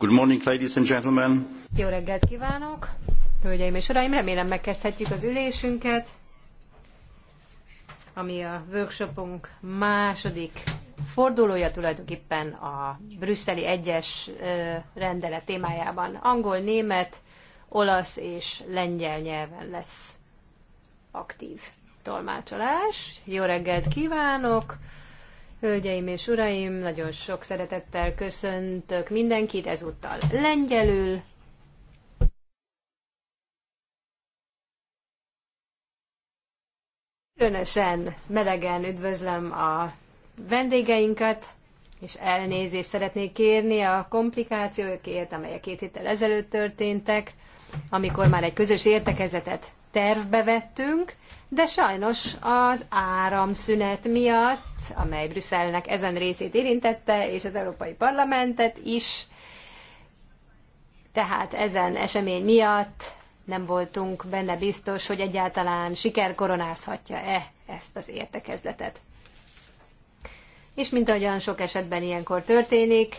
Good morning, ladies and gentlemen. Jó reggelt kívánok, hölgyeim és uraim. Remélem megkezdhetjük az ülésünket, ami a workshopunk második fordulója tulajdonképpen a brüsszeli egyes rendelet témájában. Angol, német, olasz és lengyel nyelven lesz aktív tolmácsolás. Jó reggelt kívánok! Hölgyeim és uraim, nagyon sok szeretettel köszöntök mindenkit ezúttal lengyelül. Különösen melegen üdvözlöm a vendégeinket, és elnézést szeretnék kérni a komplikációkért, amelyek két héttel ezelőtt történtek, amikor már egy közös értekezetet tervbe vettünk, de sajnos az áramszünet miatt, amely Brüsszelnek ezen részét érintette, és az Európai Parlamentet is, tehát ezen esemény miatt nem voltunk benne biztos, hogy egyáltalán siker koronázhatja-e ezt az értekezletet. És mint ahogyan sok esetben ilyenkor történik,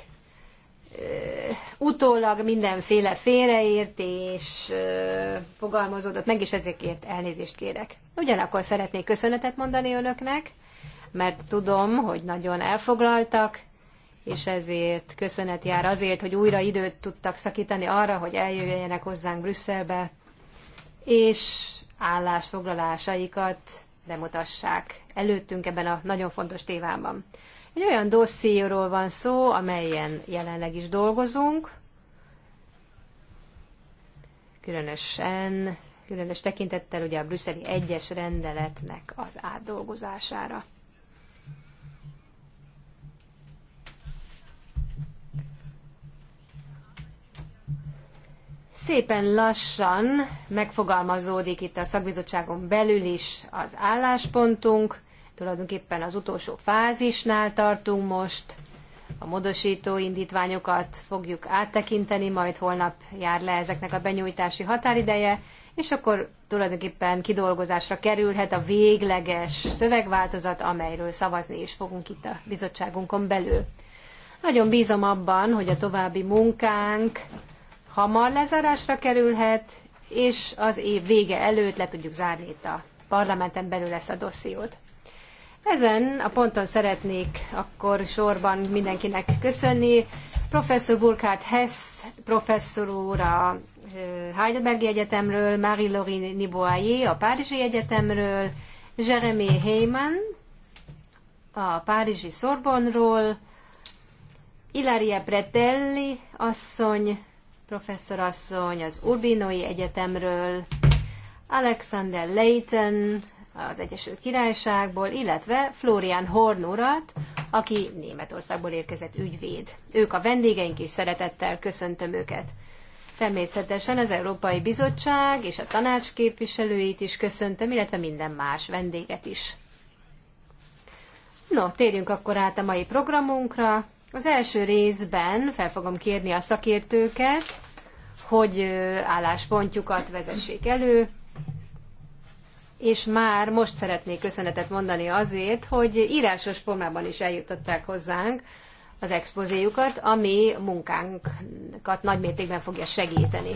utólag mindenféle félreértés fogalmazódott meg, és ezekért elnézést kérek. Ugyanakkor szeretnék köszönetet mondani önöknek, mert tudom, hogy nagyon elfoglaltak, és ezért köszönet jár azért, hogy újra időt tudtak szakítani arra, hogy eljöjjenek hozzánk Brüsszelbe, és állásfoglalásaikat bemutassák előttünk ebben a nagyon fontos tévában. Egy olyan dossziéról van szó, amelyen jelenleg is dolgozunk, különösen, különös tekintettel ugye a brüsszeli egyes rendeletnek az átdolgozására. szépen lassan megfogalmazódik itt a szakbizottságon belül is az álláspontunk, Tulajdonképpen az utolsó fázisnál tartunk most. A módosító indítványokat fogjuk áttekinteni, majd holnap jár le ezeknek a benyújtási határideje, és akkor tulajdonképpen kidolgozásra kerülhet a végleges szövegváltozat, amelyről szavazni is fogunk itt a bizottságunkon belül. Nagyon bízom abban, hogy a további munkánk hamar lezárásra kerülhet, és az év vége előtt le tudjuk zárni itt a parlamenten belül ezt a dossziót. Ezen a ponton szeretnék akkor sorban mindenkinek köszönni. Professzor Burkhard Hess, professzor úr a Heidelbergi Egyetemről, Marie-Laurine Niboyer a Párizsi Egyetemről, Jeremy Heyman a Párizsi Sorbonról, Ilaria Pretelli asszony, asszony az Urbinoi Egyetemről, Alexander Leighton az Egyesült Királyságból, illetve Florian Horn urat, aki Németországból érkezett ügyvéd. Ők a vendégeink, is szeretettel köszöntöm őket. Természetesen az Európai Bizottság és a tanács képviselőit is köszöntöm, illetve minden más vendéget is. No, térjünk akkor át a mai programunkra. Az első részben fel fogom kérni a szakértőket, hogy álláspontjukat vezessék elő, és már most szeretnék köszönetet mondani azért, hogy írásos formában is eljutották hozzánk az expozéjukat, ami munkánkat nagymértékben fogja segíteni.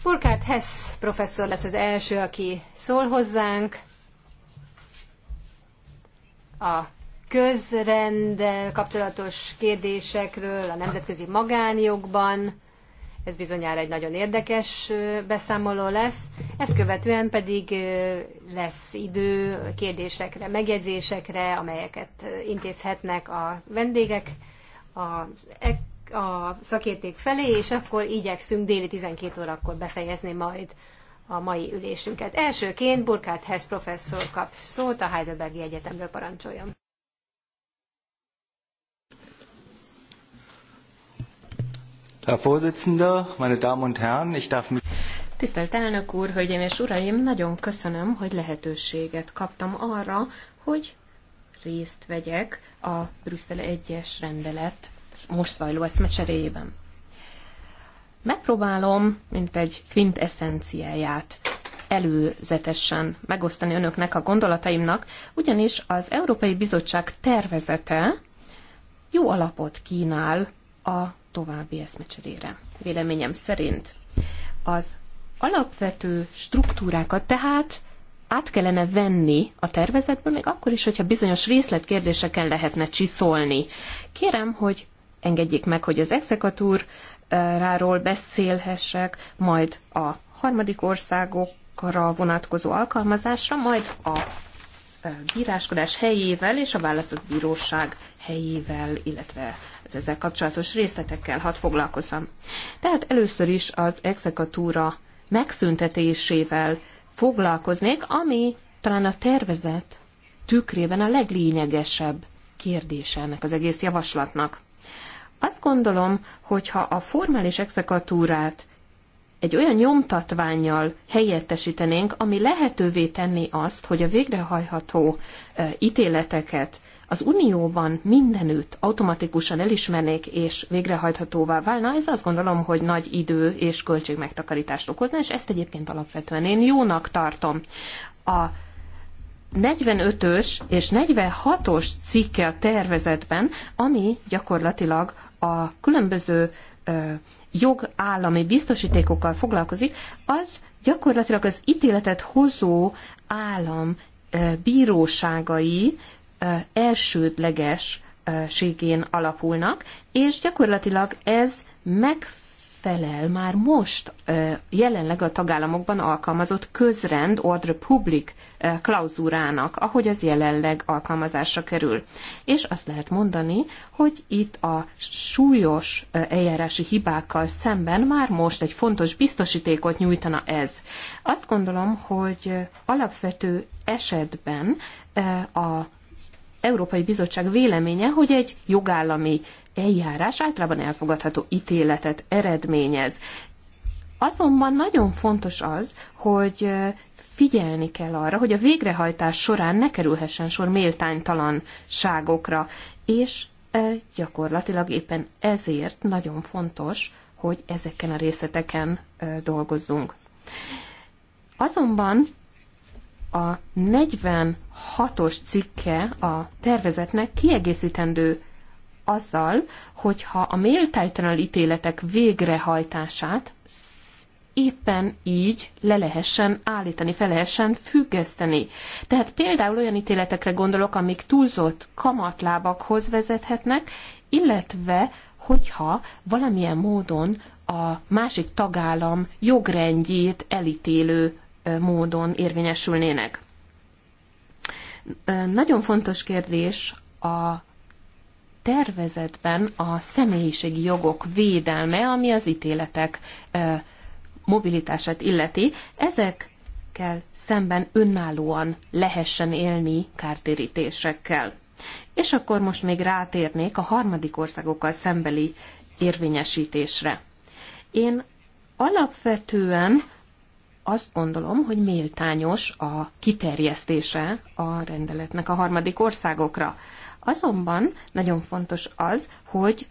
Furkát Hess professzor lesz az első, aki szól hozzánk. A közrenddel kapcsolatos kérdésekről, a nemzetközi magánjogban, ez bizonyára egy nagyon érdekes beszámoló lesz, ezt követően pedig lesz idő kérdésekre, megjegyzésekre, amelyeket intézhetnek a vendégek a, a szakérték felé, és akkor igyekszünk déli 12 órakor befejezni majd a mai ülésünket. Elsőként Burkhard Hess professzor kap szót a Heidelbergi Egyetemről parancsoljon. Herr Vorsitzender, meine Damen und Herren, ich darf mich... Tisztelt elnök úr, hölgyeim és uraim, nagyon köszönöm, hogy lehetőséget kaptam arra, hogy részt vegyek a Brüsszel egyes rendelet most zajló eszmecseréjében. Megpróbálom, mint egy fint előzetesen megosztani önöknek a gondolataimnak, ugyanis az Európai Bizottság tervezete jó alapot kínál a további eszmecserére. Véleményem szerint az alapvető struktúrákat tehát át kellene venni a tervezetből, még akkor is, hogyha bizonyos részletkérdéseken lehetne csiszolni. Kérem, hogy engedjék meg, hogy az exekatúráról beszélhessek, majd a harmadik országokra vonatkozó alkalmazásra, majd a bíráskodás helyével és a választott bíróság helyével, illetve az ezzel kapcsolatos részletekkel hadd foglalkozom. Tehát először is az exekatúra megszüntetésével foglalkoznék, ami talán a tervezet tükrében a leglényegesebb kérdése ennek az egész javaslatnak. Azt gondolom, hogy ha a formális exekatúrát egy olyan nyomtatványjal helyettesítenénk, ami lehetővé tenné azt, hogy a végrehajható ítéleteket az Unióban mindenütt automatikusan elismernék és végrehajthatóvá válna, ez azt gondolom, hogy nagy idő és költségmegtakarítást okozna, és ezt egyébként alapvetően én jónak tartom. A 45-ös és 46-os cikke a tervezetben, ami gyakorlatilag a különböző ö, jogállami biztosítékokkal foglalkozik, az gyakorlatilag az ítéletet hozó állam bíróságai elsődlegességén alapulnak, és gyakorlatilag ez megfelel már most jelenleg a tagállamokban alkalmazott közrend ordre public klauzúrának, ahogy az jelenleg alkalmazásra kerül. És azt lehet mondani, hogy itt a súlyos eljárási hibákkal szemben már most egy fontos biztosítékot nyújtana ez. Azt gondolom, hogy alapvető esetben a Európai Bizottság véleménye, hogy egy jogállami eljárás általában elfogadható ítéletet eredményez. Azonban nagyon fontos az, hogy figyelni kell arra, hogy a végrehajtás során ne kerülhessen sor méltánytalanságokra, és gyakorlatilag éppen ezért nagyon fontos, hogy ezeken a részleteken dolgozzunk. Azonban a 46-os cikke a tervezetnek kiegészítendő azzal, hogyha a méltánytalan ítéletek végrehajtását éppen így le lehessen állítani, fel lehessen függeszteni. Tehát például olyan ítéletekre gondolok, amik túlzott kamatlábakhoz vezethetnek, illetve hogyha valamilyen módon a másik tagállam jogrendjét elítélő módon érvényesülnének. Nagyon fontos kérdés a tervezetben a személyiségi jogok védelme, ami az ítéletek mobilitását illeti. Ezekkel szemben önállóan lehessen élni kártérítésekkel. És akkor most még rátérnék a harmadik országokkal szembeli érvényesítésre. Én alapvetően azt gondolom, hogy méltányos a kiterjesztése a rendeletnek a harmadik országokra. Azonban nagyon fontos az, hogy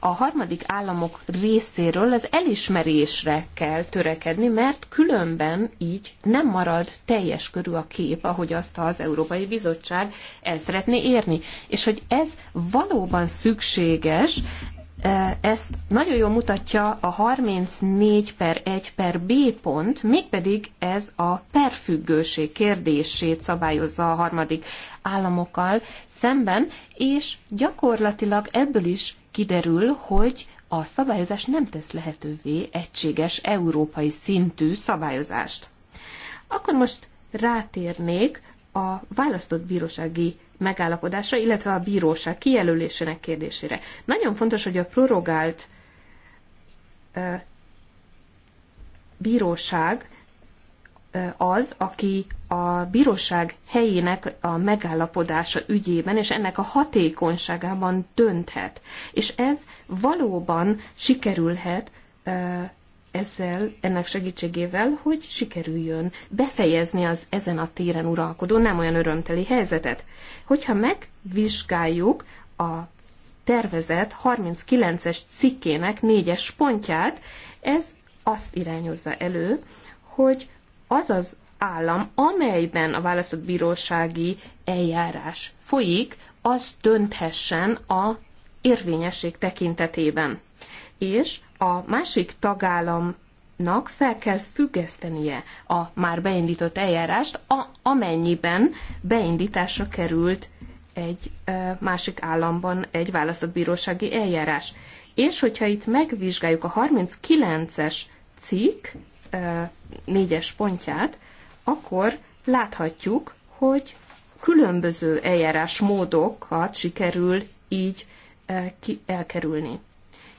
a harmadik államok részéről az elismerésre kell törekedni, mert különben így nem marad teljes körű a kép, ahogy azt az Európai Bizottság el szeretné érni. És hogy ez valóban szükséges, ezt nagyon jól mutatja a 34 per 1 per B pont, mégpedig ez a perfüggőség kérdését szabályozza a harmadik államokkal szemben, és gyakorlatilag ebből is kiderül, hogy a szabályozás nem tesz lehetővé egységes európai szintű szabályozást. Akkor most rátérnék a választott bírósági megállapodásra, illetve a bíróság kijelölésének kérdésére. Nagyon fontos, hogy a prorogált bíróság az, aki a bíróság helyének a megállapodása ügyében és ennek a hatékonyságában dönthet. És ez valóban sikerülhet ezzel, ennek segítségével, hogy sikerüljön befejezni az ezen a téren uralkodó nem olyan örömteli helyzetet. Hogyha megvizsgáljuk a tervezet 39-es cikkének négyes pontját, ez azt irányozza elő, hogy az az állam, amelyben a választott bírósági eljárás folyik, az dönthessen a érvényesség tekintetében és a másik tagállamnak fel kell függesztenie a már beindított eljárást, a, amennyiben beindításra került egy e, másik államban egy választott bírósági eljárás. És hogyha itt megvizsgáljuk a 39-es cikk e, négyes pontját, akkor láthatjuk, hogy különböző eljárásmódokat sikerül így e, ki, elkerülni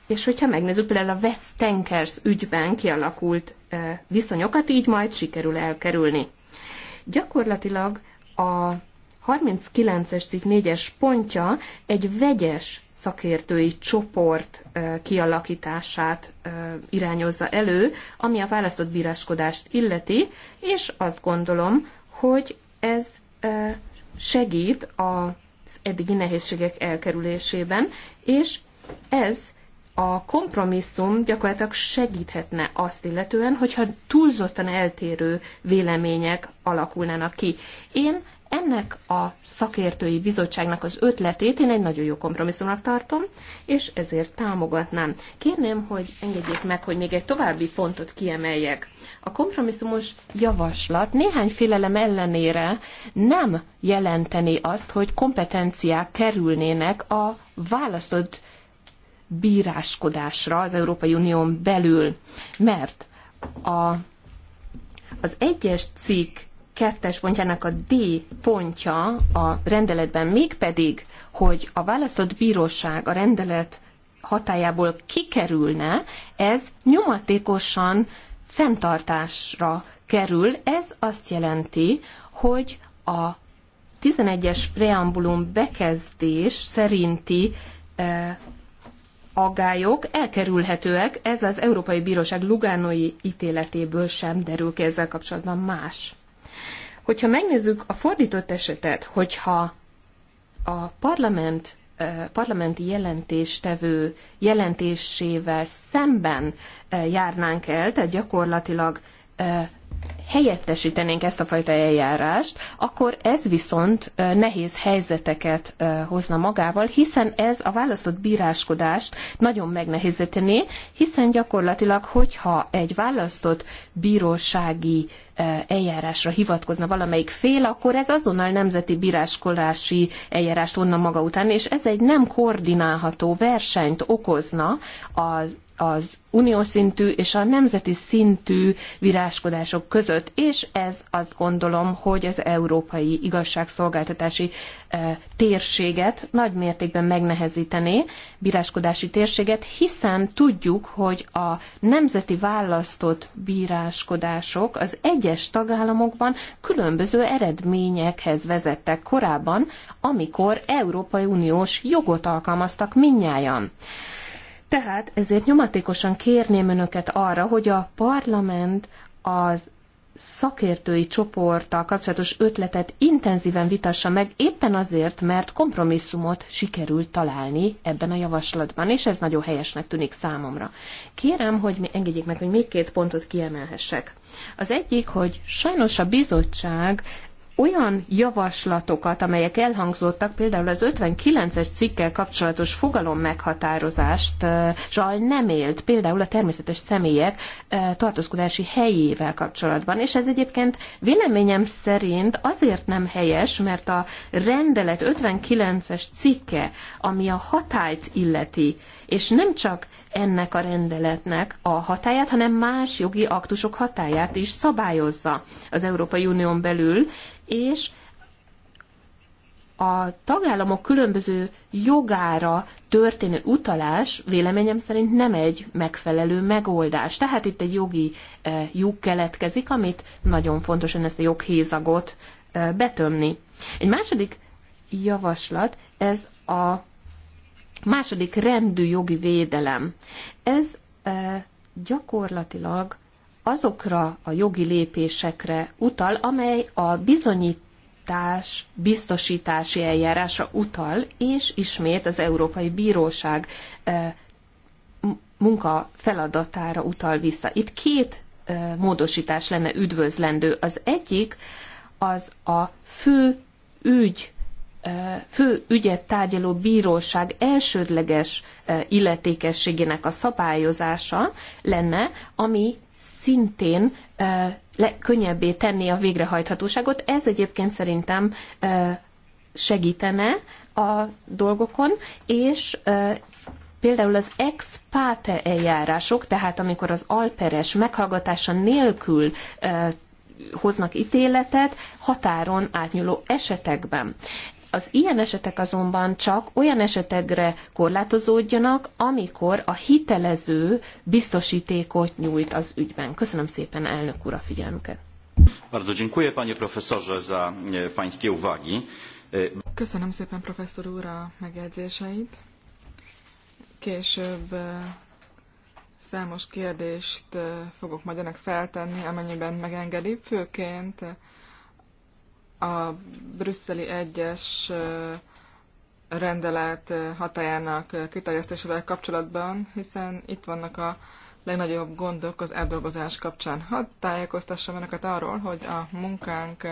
és hogyha megnézzük például a West Tankers ügyben kialakult viszonyokat, így majd sikerül elkerülni. Gyakorlatilag a 39-es cikk 4-es pontja egy vegyes szakértői csoport kialakítását irányozza elő, ami a választott bíráskodást illeti, és azt gondolom, hogy ez segít az eddigi nehézségek elkerülésében, és ez a kompromisszum gyakorlatilag segíthetne azt illetően, hogyha túlzottan eltérő vélemények alakulnának ki. Én ennek a szakértői bizottságnak az ötletét én egy nagyon jó kompromisszumnak tartom, és ezért támogatnám. Kérném, hogy engedjék meg, hogy még egy további pontot kiemeljek. A kompromisszumos javaslat néhány félelem ellenére nem jelenteni azt, hogy kompetenciák kerülnének a választott bíráskodásra az Európai Unión belül, mert a, az egyes cikk kettes pontjának a D pontja a rendeletben mégpedig, hogy a választott bíróság a rendelet hatájából kikerülne, ez nyomatékosan fenntartásra kerül. Ez azt jelenti, hogy a 11-es preambulum bekezdés szerinti eh, aggályok elkerülhetőek, ez az Európai Bíróság Lugánói ítéletéből sem derül ki ezzel kapcsolatban más. Hogyha megnézzük a fordított esetet, hogyha a parlament parlamenti jelentéstevő jelentésével szemben járnánk el, tehát gyakorlatilag helyettesítenénk ezt a fajta eljárást, akkor ez viszont nehéz helyzeteket hozna magával, hiszen ez a választott bíráskodást nagyon megnehezítené, hiszen gyakorlatilag, hogyha egy választott bírósági eljárásra hivatkozna valamelyik fél, akkor ez azonnal nemzeti bíráskolási eljárást vonna maga után, és ez egy nem koordinálható versenyt okozna az az uniós szintű és a nemzeti szintű viráskodások között között, és ez azt gondolom, hogy az európai igazságszolgáltatási e, térséget nagy mértékben megnehezítené, bíráskodási térséget, hiszen tudjuk, hogy a nemzeti választott bíráskodások az egyes tagállamokban különböző eredményekhez vezettek korábban, amikor Európai Uniós jogot alkalmaztak minnyáján. Tehát ezért nyomatékosan kérném önöket arra, hogy a parlament az szakértői csoporttal kapcsolatos ötletet intenzíven vitassa meg, éppen azért, mert kompromisszumot sikerült találni ebben a javaslatban, és ez nagyon helyesnek tűnik számomra. Kérem, hogy mi engedjék meg, hogy még két pontot kiemelhessek. Az egyik, hogy sajnos a bizottság olyan javaslatokat, amelyek elhangzottak, például az 59-es cikkel kapcsolatos fogalom meghatározást zsal nem élt, például a természetes személyek tartózkodási helyével kapcsolatban. És ez egyébként véleményem szerint azért nem helyes, mert a rendelet 59-es cikke, ami a hatályt illeti, és nem csak ennek a rendeletnek a hatáját, hanem más jogi aktusok hatáját is szabályozza az Európai Unión belül, és a tagállamok különböző jogára történő utalás véleményem szerint nem egy megfelelő megoldás. Tehát itt egy jogi eh, lyuk keletkezik, amit nagyon en ezt a joghézagot eh, betömni. Egy második javaslat, ez a második rendű jogi védelem. Ez e, gyakorlatilag azokra a jogi lépésekre utal, amely a bizonyítás biztosítási eljárása utal, és ismét az Európai Bíróság eh, munka feladatára utal vissza. Itt két eh, módosítás lenne üdvözlendő. Az egyik az a fő ügy eh, fő ügyet tárgyaló bíróság elsődleges illetékességének a szabályozása lenne, ami szintén le, könnyebbé tenni a végrehajthatóságot. Ez egyébként szerintem segítene a dolgokon, és például az ex pate eljárások, tehát amikor az alperes meghallgatása nélkül hoznak ítéletet határon átnyúló esetekben. Az ilyen esetek azonban csak olyan esetekre korlátozódjanak, amikor a hitelező biztosítékot nyújt az ügyben. Köszönöm szépen, elnök úr, a figyelmüket. Bardzo dziękuję, panie profesorze, za e, pańskie uwagi. E, Köszönöm szépen, professzor úr, a megjegyzéseit. Később e, számos kérdést fogok majd önök feltenni, amennyiben megengedi, főként a brüsszeli egyes rendelet hatájának kiterjesztésével kapcsolatban, hiszen itt vannak a legnagyobb gondok az eldolgozás kapcsán. Hadd tájékoztassam önöket arról, hogy a munkánk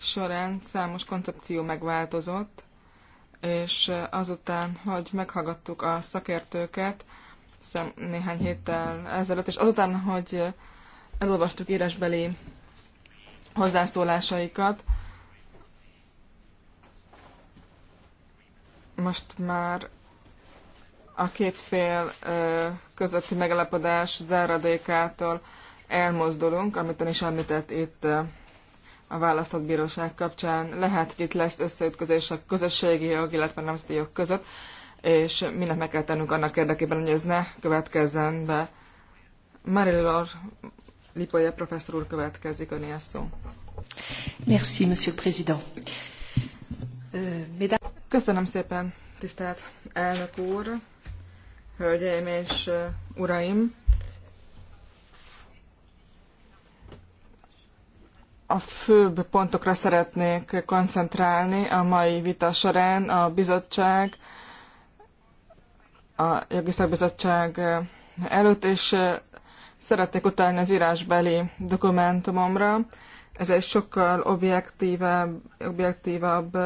során számos koncepció megváltozott, és azután, hogy meghallgattuk a szakértőket szem, néhány héttel ezelőtt, és azután, hogy elolvastuk írásbeli hozzászólásaikat, most már a két fél közötti megalapodás záradékától elmozdulunk, amit is említett itt a választott bíróság kapcsán. Lehet, hogy itt lesz összeütközés a közösségi jog, illetve a nemzeti jog között, és mindent meg kell tennünk annak érdekében, hogy ez ne következzen be. Marilor Lipolya professzor úr következik, önél szó. Merci, monsieur le président. Euh, mesdames... Köszönöm szépen, tisztelt elnök úr, hölgyeim és uraim! A főbb pontokra szeretnék koncentrálni a mai vita során a bizottság, a jogi szakbizottság előtt, és szeretnék utalni az írásbeli dokumentumomra. Ez egy sokkal objektívebb, objektívabb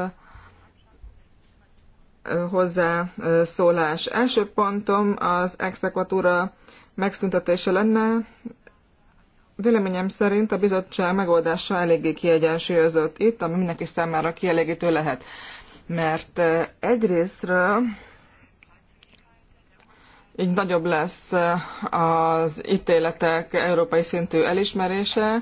hozzászólás. Első pontom az exekvatúra megszüntetése lenne. Véleményem szerint a bizottság megoldása eléggé kiegyensúlyozott itt, ami mindenki számára kielégítő lehet. Mert egyrésztről így nagyobb lesz az ítéletek európai szintű elismerése,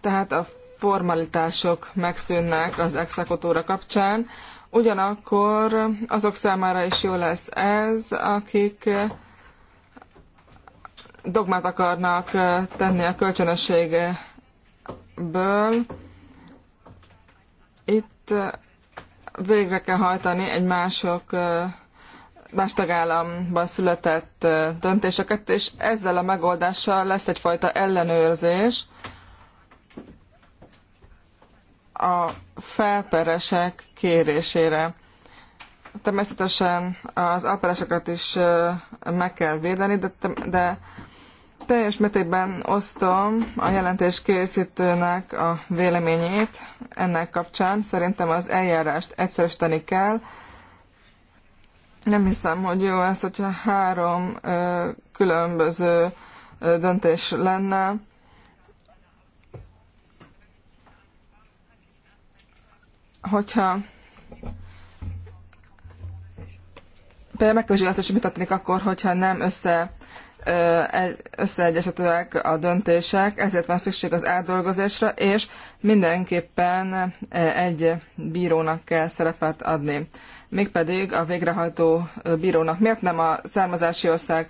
tehát a formalitások megszűnnek az exekutóra kapcsán, ugyanakkor azok számára is jó lesz ez, akik dogmát akarnak tenni a kölcsönösségből. Itt végre kell hajtani egy mások más tagállamban született döntéseket, és ezzel a megoldással lesz egyfajta ellenőrzés, a felperesek kérésére. Természetesen az alpereseket is meg kell védeni, de, de teljes mértékben osztom a jelentés készítőnek a véleményét ennek kapcsán. Szerintem az eljárást egyszerűsíteni kell. Nem hiszem, hogy jó ez, hogyha három különböző döntés lenne hogyha például megkövizsgálni azt, hogy mit történik akkor, hogyha nem össze összeegyesetőek a döntések, ezért van szükség az átdolgozásra, és mindenképpen egy bírónak kell szerepet adni. Mégpedig a végrehajtó bírónak. Miért nem a származási ország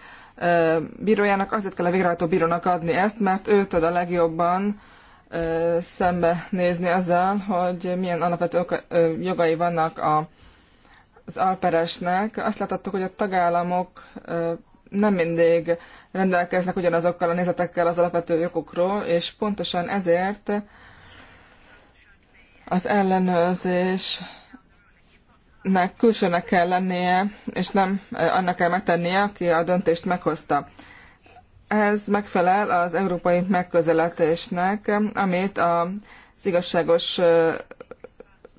bírójának? Azért kell a végrehajtó bírónak adni ezt, mert ő tud a legjobban szembe nézni azzal, hogy milyen alapvető jogai vannak a, az alperesnek. Azt láthattuk, hogy a tagállamok nem mindig rendelkeznek ugyanazokkal a nézetekkel az alapvető jogokról, és pontosan ezért az ellenőrzésnek külsőnek kell lennie, és nem annak kell megtennie, aki a döntést meghozta ez megfelel az európai megközelítésnek, amit az igazságos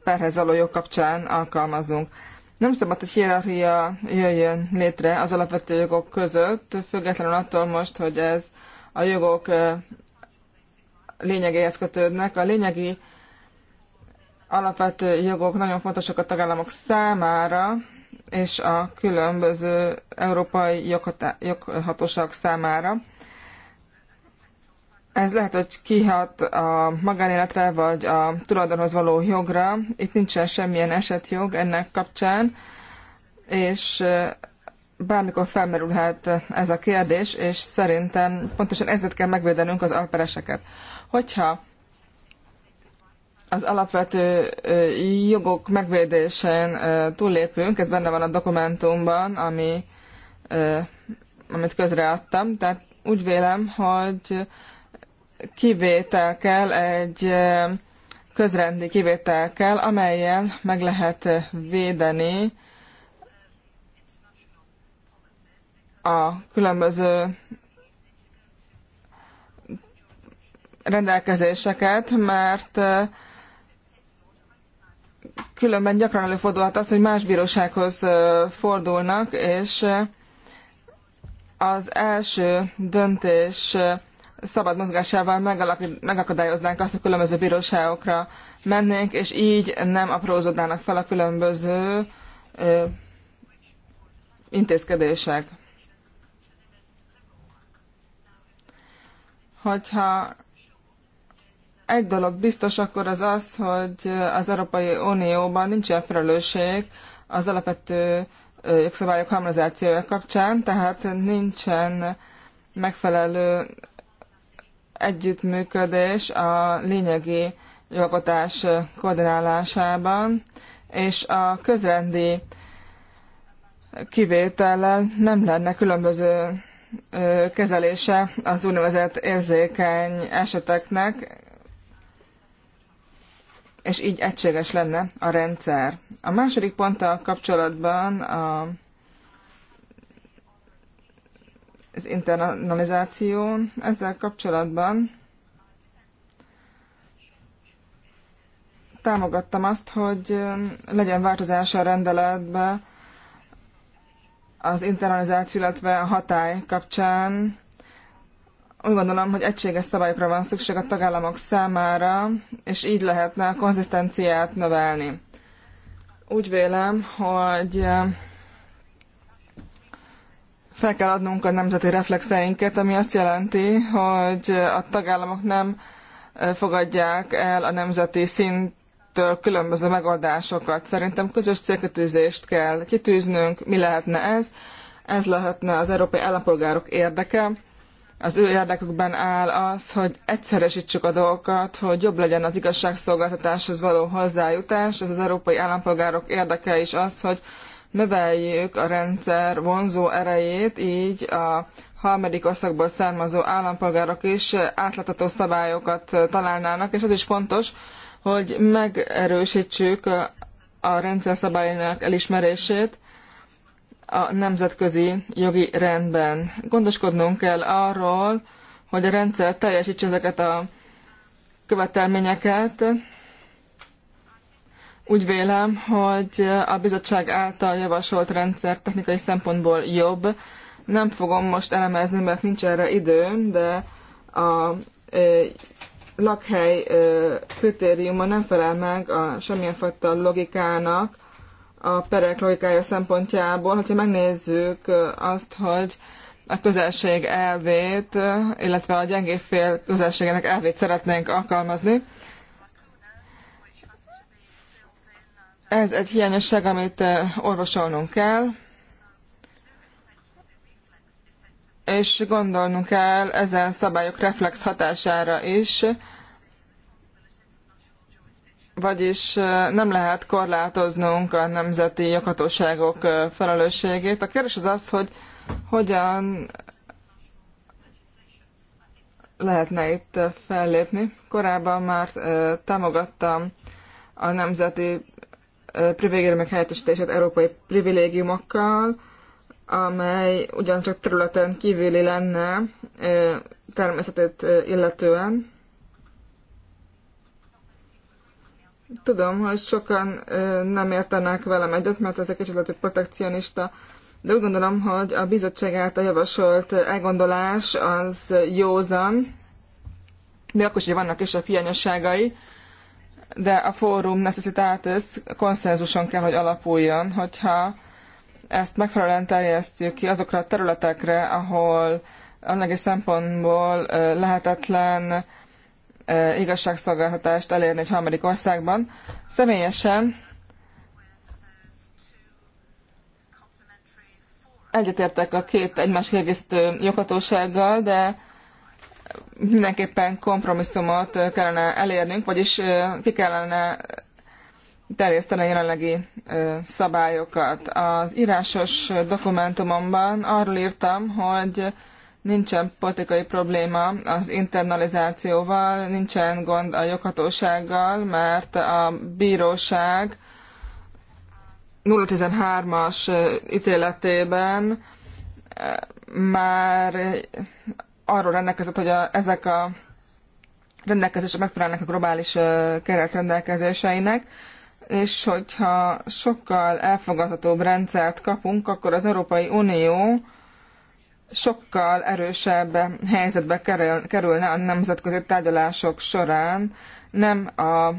perhez való jog kapcsán alkalmazunk. Nem szabad, hogy hierarchia jöjjön létre az alapvető jogok között, függetlenül attól most, hogy ez a jogok lényegéhez kötődnek. A lényegi alapvető jogok nagyon fontosak a tagállamok számára, és a különböző európai joghatóság számára. Ez lehet, hogy kihat a magánéletre vagy a tulajdonhoz való jogra. Itt nincsen semmilyen esetjog ennek kapcsán, és bármikor felmerülhet ez a kérdés, és szerintem pontosan ezért kell megvédenünk az alpereseket. Hogyha az alapvető jogok megvédésén túllépünk, ez benne van a dokumentumban, ami, amit közreadtam, tehát úgy vélem, hogy kivétel kell, egy közrendi kivétel kell, amellyel meg lehet védeni a különböző rendelkezéseket, mert különben gyakran előfordulhat az, hogy más bírósághoz fordulnak, és az első döntés szabad mozgásával megakadályoznánk azt, hogy különböző bíróságokra mennénk, és így nem aprózódnának fel a különböző intézkedések. Hogyha egy dolog biztos akkor az az, hogy az Európai Unióban ilyen felelősség az alapvető jogszabályok harmonizációja kapcsán, tehát nincsen megfelelő együttműködés a lényegi jogotás koordinálásában, és a közrendi kivétellel nem lenne különböző kezelése az úgynevezett érzékeny eseteknek, és így egységes lenne a rendszer. A második ponttal kapcsolatban a, az internalizáció, ezzel kapcsolatban támogattam azt, hogy um, legyen változás a rendeletben az internalizáció, illetve a hatály kapcsán úgy gondolom, hogy egységes szabályokra van szükség a tagállamok számára, és így lehetne a konzisztenciát növelni. Úgy vélem, hogy eh, fel kell adnunk a nemzeti reflexeinket, ami azt jelenti, hogy a tagállamok nem eh, fogadják el a nemzeti szinttől különböző megoldásokat. Szerintem közös célkötőzést kell kitűznünk, mi lehetne ez, ez lehetne az európai állampolgárok érdeke, az ő érdekükben áll az, hogy egyszeresítsük a dolgokat, hogy jobb legyen az igazságszolgáltatáshoz való hozzájutás. Ez az európai állampolgárok érdeke is az, hogy növeljük a rendszer vonzó erejét, így a harmadik országból származó állampolgárok is átlátható szabályokat találnának, és az is fontos, hogy megerősítsük a rendszer szabályainak elismerését, a nemzetközi jogi rendben. Gondoskodnunk kell arról, hogy a rendszer teljesítse ezeket a követelményeket. Úgy vélem, hogy a bizottság által javasolt rendszer technikai szempontból jobb. Nem fogom most elemezni, mert nincs erre idő, de a lakhely kritériuma nem felel meg a semmilyen fajta logikának, a perek logikája szempontjából, hogyha megnézzük azt, hogy a közelség elvét, illetve a gyengébb fél közelségének elvét szeretnénk alkalmazni. Ez egy hiányosság, amit orvosolnunk kell, és gondolnunk kell ezen szabályok reflex hatására is, vagyis nem lehet korlátoznunk a nemzeti joghatóságok felelősségét. A kérdés az az, hogy hogyan lehetne itt fellépni. Korábban már támogattam a nemzeti privilégiumok helyettesítését európai privilégiumokkal, amely ugyancsak területen kívüli lenne természetét illetően, Tudom, hogy sokan nem értenek velem egyet, mert ez egy kicsit lehet, hogy protekcionista, de úgy gondolom, hogy a bizottság által javasolt elgondolás az józan, de akkor is, hogy vannak a hiányosságai, de a fórum necessitatis konszenzuson kell, hogy alapuljon, hogyha ezt megfelelően terjesztjük ki azokra a területekre, ahol anyagi szempontból lehetetlen igazságszolgáltatást elérni egy harmadik országban. Személyesen egyetértek a két egymás kiegészítő joghatósággal, de mindenképpen kompromisszumot kellene elérnünk, vagyis ki kellene terjeszteni a jelenlegi szabályokat. Az írásos dokumentumomban arról írtam, hogy nincsen politikai probléma az internalizációval, nincsen gond a joghatósággal, mert a bíróság 013-as ítéletében már arról rendelkezett, hogy a, ezek a rendelkezések megfelelnek a globális keret rendelkezéseinek, és hogyha sokkal elfogadhatóbb rendszert kapunk, akkor az Európai Unió sokkal erősebb helyzetbe kerülne a nemzetközi tárgyalások során, nem a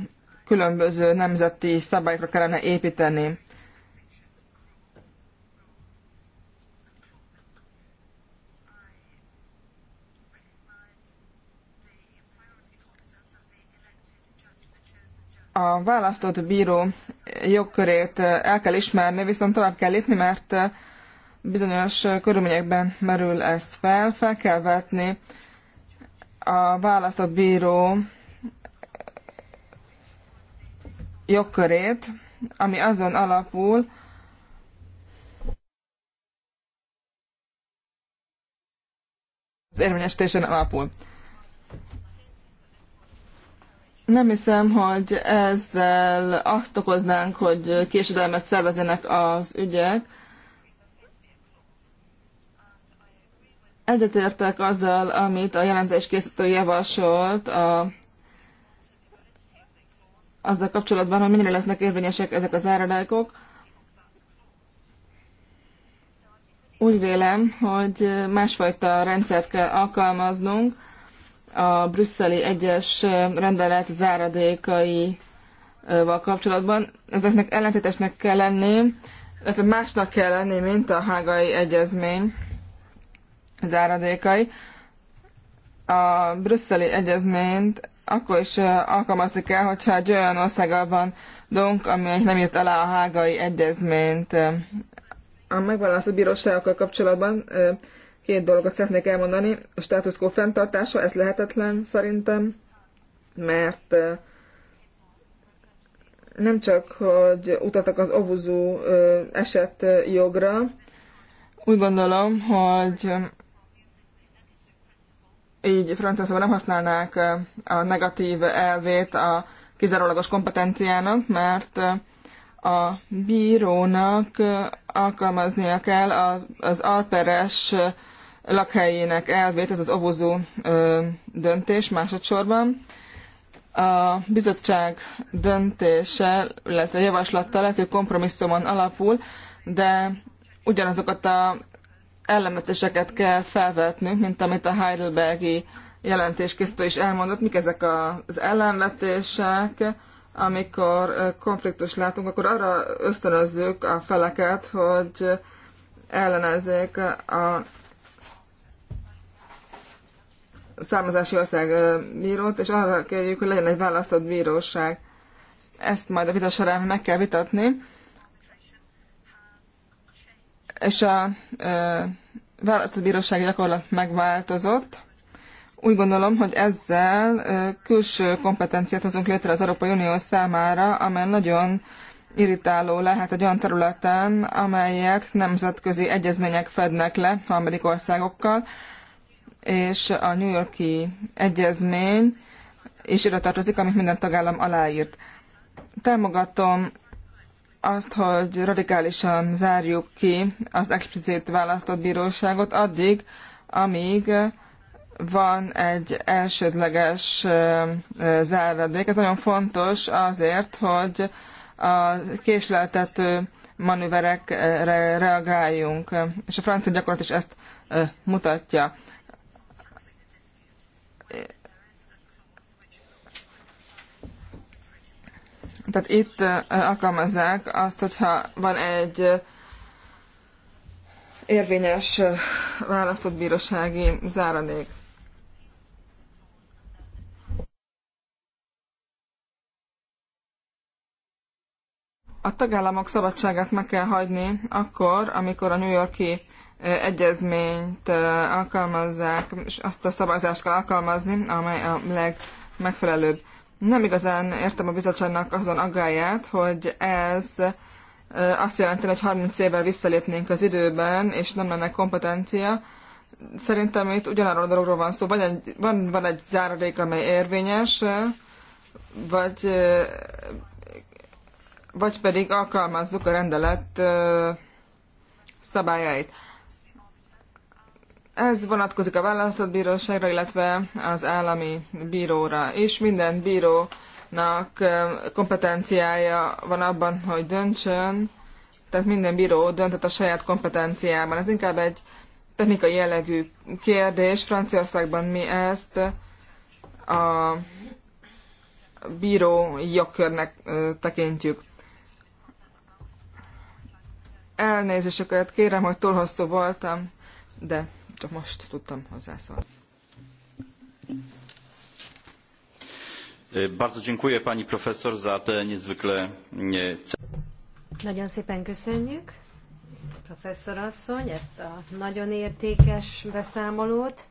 különböző nemzeti szabályokra kellene építeni. a választott bíró jogkörét el kell ismerni, viszont tovább kell lépni, mert bizonyos körülményekben merül ezt fel, fel kell vetni a választott bíró jogkörét, ami azon alapul, az érvényesítésen alapul. Nem hiszem, hogy ezzel azt okoznánk, hogy késedelmet szerveznének az ügyek, Egyetértek azzal, amit a jelentéskészítő javasolt a, azzal kapcsolatban, hogy mennyire lesznek érvényesek ezek az áradákok. Úgy vélem, hogy másfajta rendszert kell alkalmaznunk a brüsszeli egyes rendelet záradékaival kapcsolatban. Ezeknek ellentétesnek kell lenni, illetve másnak kell lenni, mint a hágai egyezmény záradékai. A brüsszeli egyezményt akkor is alkalmazni kell, hogyha egy olyan országgal van dolgunk, amelyik nem írt alá a hágai egyezményt. A megválasztó bíróságokkal kapcsolatban két dolgot szeretnék elmondani. A status quo fenntartása, ez lehetetlen szerintem, mert nem csak, hogy utatak az ovuzú eset jogra, úgy gondolom, hogy így Franciaországban nem használnák a negatív elvét a kizárólagos kompetenciának, mert a bírónak alkalmaznia kell az alperes lakhelyének elvét, ez az ovozó döntés másodszorban. A bizottság döntése, illetve javaslattal lehető kompromisszumon alapul, de ugyanazokat a ellenvetéseket kell felvetnünk, mint amit a Heidelbergi jelentéskészítő is elmondott, mik ezek az ellenvetések, amikor konfliktus látunk, akkor arra ösztönözzük a feleket, hogy ellenezzék a származási ország bírót, és arra kérjük, hogy legyen egy választott bíróság. Ezt majd a vita során meg kell vitatni és a választóbírósági gyakorlat megváltozott. Úgy gondolom, hogy ezzel külső kompetenciát hozunk létre az Európai Unió számára, amely nagyon irritáló lehet egy olyan területen, amelyet nemzetközi egyezmények fednek le harmadik országokkal, és a New Yorki egyezmény is ide tartozik, amit minden tagállam aláírt. Támogatom azt, hogy radikálisan zárjuk ki az explicit választott bíróságot addig, amíg van egy elsődleges záradék. Ez nagyon fontos azért, hogy a késleltető manőverekre reagáljunk, és a francia gyakorlat is ezt mutatja. Tehát itt alkalmazzák azt, hogyha van egy érvényes választott bírósági záradék. A tagállamok szabadságát meg kell hagyni akkor, amikor a New Yorki egyezményt alkalmazzák, és azt a szabályzást kell alkalmazni, amely a legmegfelelőbb. Nem igazán értem a bizottságnak azon aggáját, hogy ez azt jelenti, hogy 30 évvel visszalépnénk az időben, és nem lenne kompetencia. Szerintem itt ugyanarról a dologról van szó. Vagy egy, van, van egy záradék, amely érvényes, vagy, vagy pedig alkalmazzuk a rendelet szabályait. Ez vonatkozik a választott bíróságra, illetve az állami bíróra is. Minden bírónak kompetenciája van abban, hogy döntsön, tehát minden bíró döntött a saját kompetenciában. Ez inkább egy technikai jellegű kérdés. Franciaországban mi ezt a bíró jogkörnek tekintjük. Elnézéseket kérem, hogy túl hosszú voltam, de csak most tudtam hozzászólni. E, bardzo dziękuję pani profesor za te niezwykle... E, nagyon szépen köszönjük, professzor asszony, ezt a nagyon értékes beszámolót.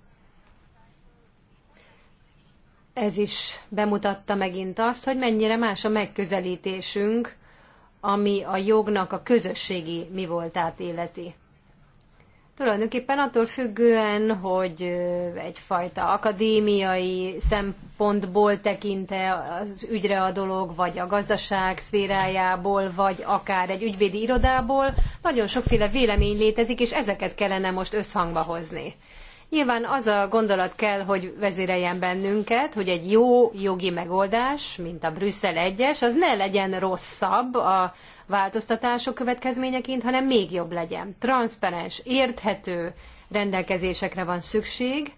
Ez is bemutatta megint azt, hogy mennyire más a megközelítésünk, ami a jognak a közösségi mi voltát életi. Tulajdonképpen attól függően, hogy egyfajta akadémiai szempontból tekinte az ügyre a dolog, vagy a gazdaság szférájából, vagy akár egy ügyvédi irodából, nagyon sokféle vélemény létezik, és ezeket kellene most összhangba hozni. Nyilván az a gondolat kell, hogy vezéreljen bennünket, hogy egy jó jogi megoldás, mint a Brüsszel egyes, az ne legyen rosszabb a változtatások következményeként, hanem még jobb legyen. Transzparens, érthető rendelkezésekre van szükség,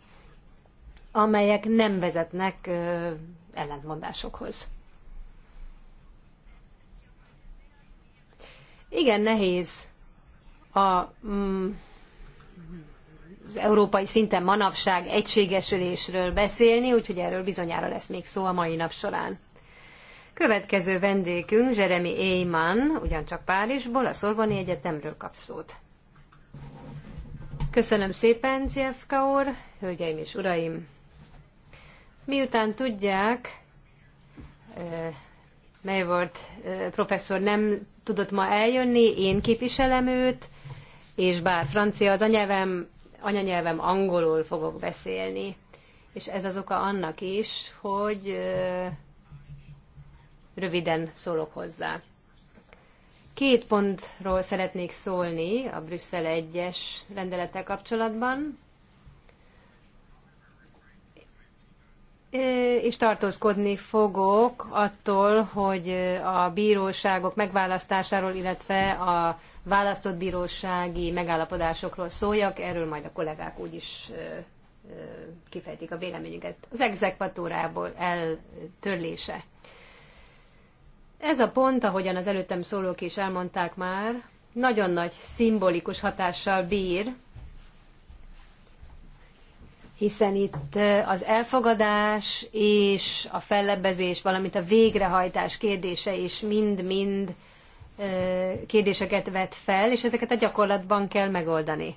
amelyek nem vezetnek ö, ellentmondásokhoz. Igen, nehéz a mm, az európai szinten manapság egységesülésről beszélni, úgyhogy erről bizonyára lesz még szó a mai nap során. Következő vendégünk Jeremy Eyman, ugyancsak Párizsból, a Szorboni Egyetemről kap szót. Köszönöm szépen, Cievka úr, hölgyeim és uraim! Miután tudják, mely volt professzor nem tudott ma eljönni, én képviselem őt, és bár francia az anyelvem, anyanyelvem angolul fogok beszélni. És ez az oka annak is, hogy röviden szólok hozzá. Két pontról szeretnék szólni a Brüsszel 1-es rendelettel kapcsolatban. és tartózkodni fogok attól, hogy a bíróságok megválasztásáról, illetve a választott bírósági megállapodásokról szóljak, erről majd a kollégák úgyis kifejtik a véleményüket. Az exekvatúrából eltörlése. Ez a pont, ahogyan az előttem szólók is elmondták már, nagyon nagy szimbolikus hatással bír, hiszen itt az elfogadás és a fellebbezés, valamint a végrehajtás kérdése is mind-mind kérdéseket vet fel, és ezeket a gyakorlatban kell megoldani.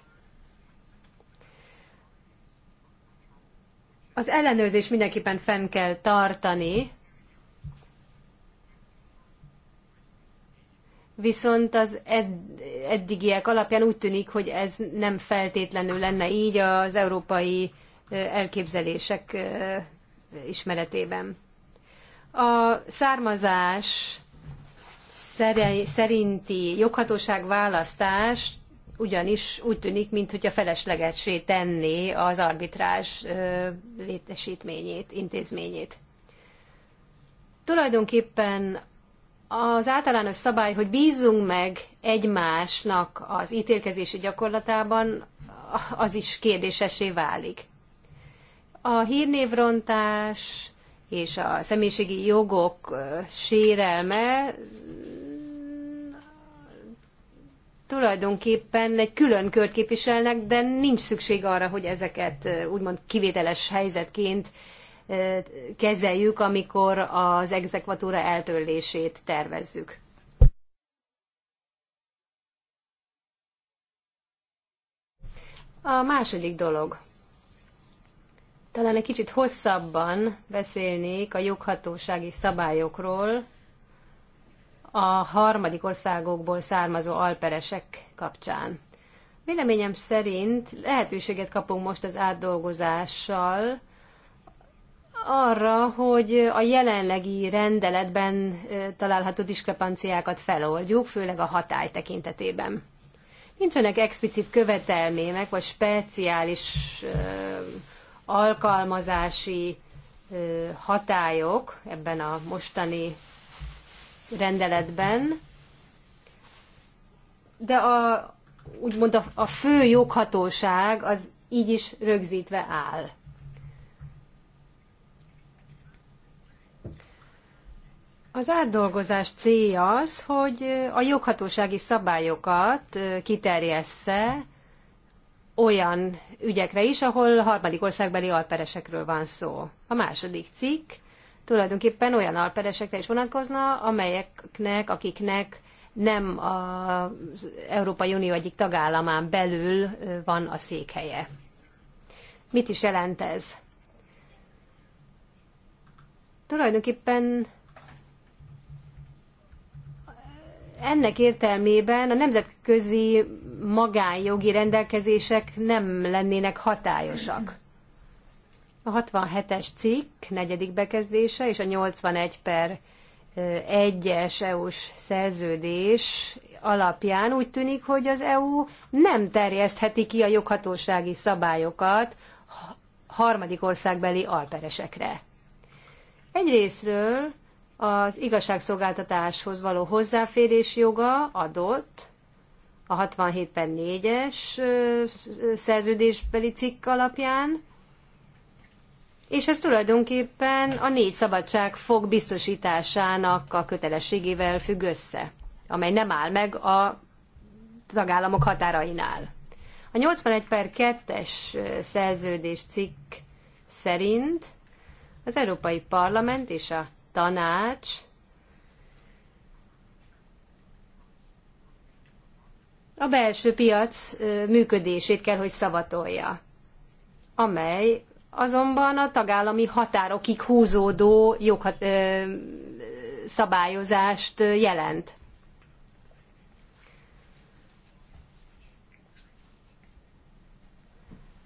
Az ellenőrzés mindenképpen fenn kell tartani, viszont az ed- eddigiek alapján úgy tűnik, hogy ez nem feltétlenül lenne így az európai elképzelések ismeretében. A származás szerinti joghatóság választás ugyanis úgy tűnik, mintha feleslegesé tenné az arbitrás létesítményét, intézményét. Tulajdonképpen az általános szabály, hogy bízzunk meg egymásnak az ítélkezési gyakorlatában, az is kérdésesé válik. A hírnévrontás és a személyiségi jogok sérelme mm, tulajdonképpen egy külön kört képviselnek, de nincs szükség arra, hogy ezeket úgymond kivételes helyzetként kezeljük, amikor az exekvatúra eltörlését tervezzük. A második dolog. Talán egy kicsit hosszabban beszélnék a joghatósági szabályokról a harmadik országokból származó alperesek kapcsán. Véleményem szerint lehetőséget kapunk most az átdolgozással arra, hogy a jelenlegi rendeletben található diskrepanciákat feloldjuk, főleg a hatály tekintetében. Nincsenek explicit követelmények vagy speciális alkalmazási hatályok ebben a mostani rendeletben, de a, úgymond a, a fő joghatóság az így is rögzítve áll. Az átdolgozás célja az, hogy a joghatósági szabályokat kiterjessze olyan ügyekre is, ahol harmadik országbeli alperesekről van szó. A második cikk tulajdonképpen olyan alperesekre is vonatkozna, amelyeknek, akiknek nem az Európai Unió egyik tagállamán belül van a székhelye. Mit is jelent ez? Tulajdonképpen ennek értelmében a nemzetközi magánjogi rendelkezések nem lennének hatályosak. A 67-es cikk negyedik bekezdése és a 81 per 1-es EU-s szerződés alapján úgy tűnik, hogy az EU nem terjesztheti ki a joghatósági szabályokat harmadik országbeli alperesekre. Egyrésztről az igazságszolgáltatáshoz való hozzáférés joga adott a 67 per 4-es szerződésbeli cikk alapján, és ez tulajdonképpen a négy szabadság fog biztosításának a kötelességével függ össze, amely nem áll meg a tagállamok határainál. A 81 per 2-es szerződés cikk szerint az Európai Parlament és a tanács a belső piac működését kell, hogy szavatolja, amely azonban a tagállami határokig húzódó joghat, ö, szabályozást jelent.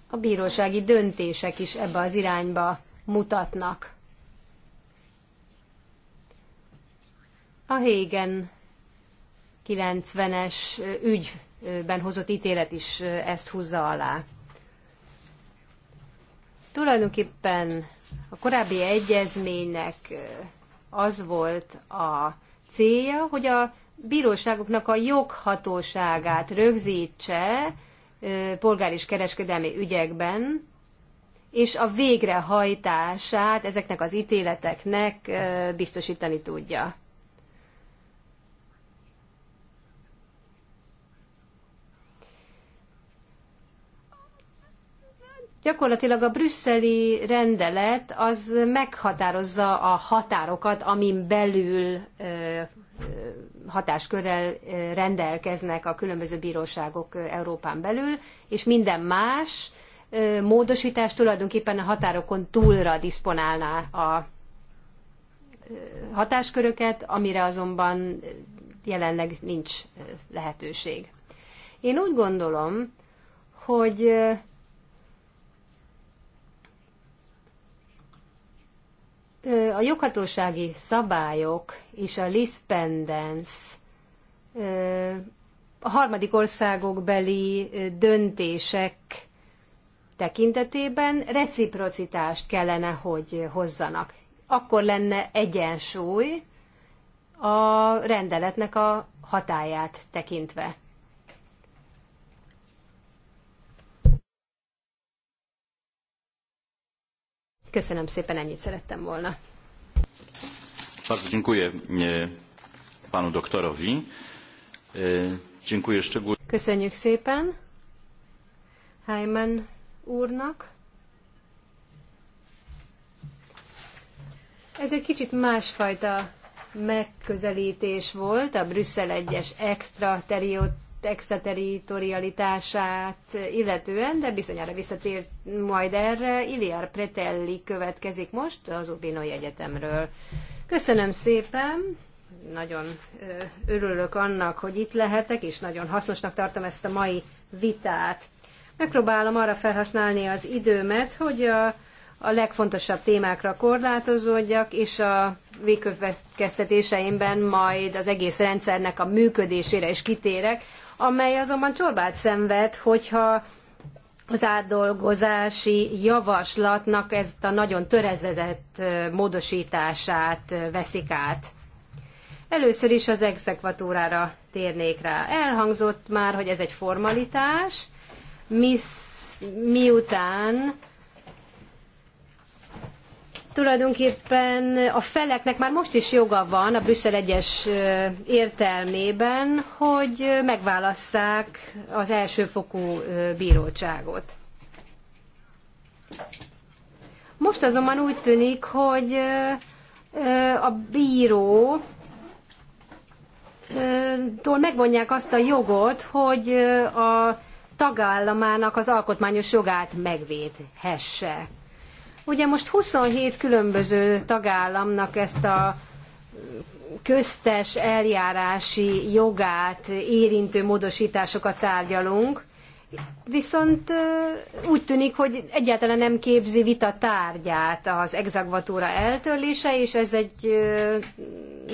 A bírósági döntések is ebbe az irányba mutatnak. A Hégen 90-es ügyben hozott ítélet is ezt húzza alá. Tulajdonképpen a korábbi egyezménynek az volt a célja, hogy a bíróságoknak a joghatóságát rögzítse polgár és kereskedelmi ügyekben, és a végrehajtását ezeknek az ítéleteknek biztosítani tudja. Gyakorlatilag a brüsszeli rendelet az meghatározza a határokat, amin belül hatáskörrel rendelkeznek a különböző bíróságok Európán belül, és minden más módosítás tulajdonképpen a határokon túlra diszponálná a hatásköröket, amire azonban jelenleg nincs lehetőség. Én úgy gondolom, hogy A joghatósági szabályok és a lispendens a harmadik országok beli döntések tekintetében reciprocitást kellene, hogy hozzanak. Akkor lenne egyensúly a rendeletnek a hatáját tekintve. Köszönöm szépen, ennyit szerettem volna. Bardzo dziękuję e, panu doktorowi. E, dziękuję szczególnie. Köszönjük szépen Hyman úrnak. Ez egy kicsit másfajta megközelítés volt a Brüsszel egyes extra extraterritorialitását illetően, de bizonyára visszatér majd erre. Iliar Pretelli következik most az Ubinói Egyetemről. Köszönöm szépen! Nagyon örülök annak, hogy itt lehetek, és nagyon hasznosnak tartom ezt a mai vitát. Megpróbálom arra felhasználni az időmet, hogy a, a legfontosabb témákra korlátozódjak, és a végkövetkeztetéseimben majd az egész rendszernek a működésére is kitérek, amely azonban csorbát szenved, hogyha az átdolgozási javaslatnak ezt a nagyon törezetett módosítását veszik át. Először is az exekvatúrára térnék rá. Elhangzott már, hogy ez egy formalitás, miután Tulajdonképpen a feleknek már most is joga van a Brüsszel egyes értelmében, hogy megválasszák az elsőfokú bíróságot. Most azonban úgy tűnik, hogy a bíró tól megvonják azt a jogot, hogy a tagállamának az alkotmányos jogát megvédhesse. Ugye most 27 különböző tagállamnak ezt a köztes eljárási jogát érintő módosításokat tárgyalunk, viszont úgy tűnik, hogy egyáltalán nem képzi vita tárgyát az exagvatúra eltörlése, és ez egy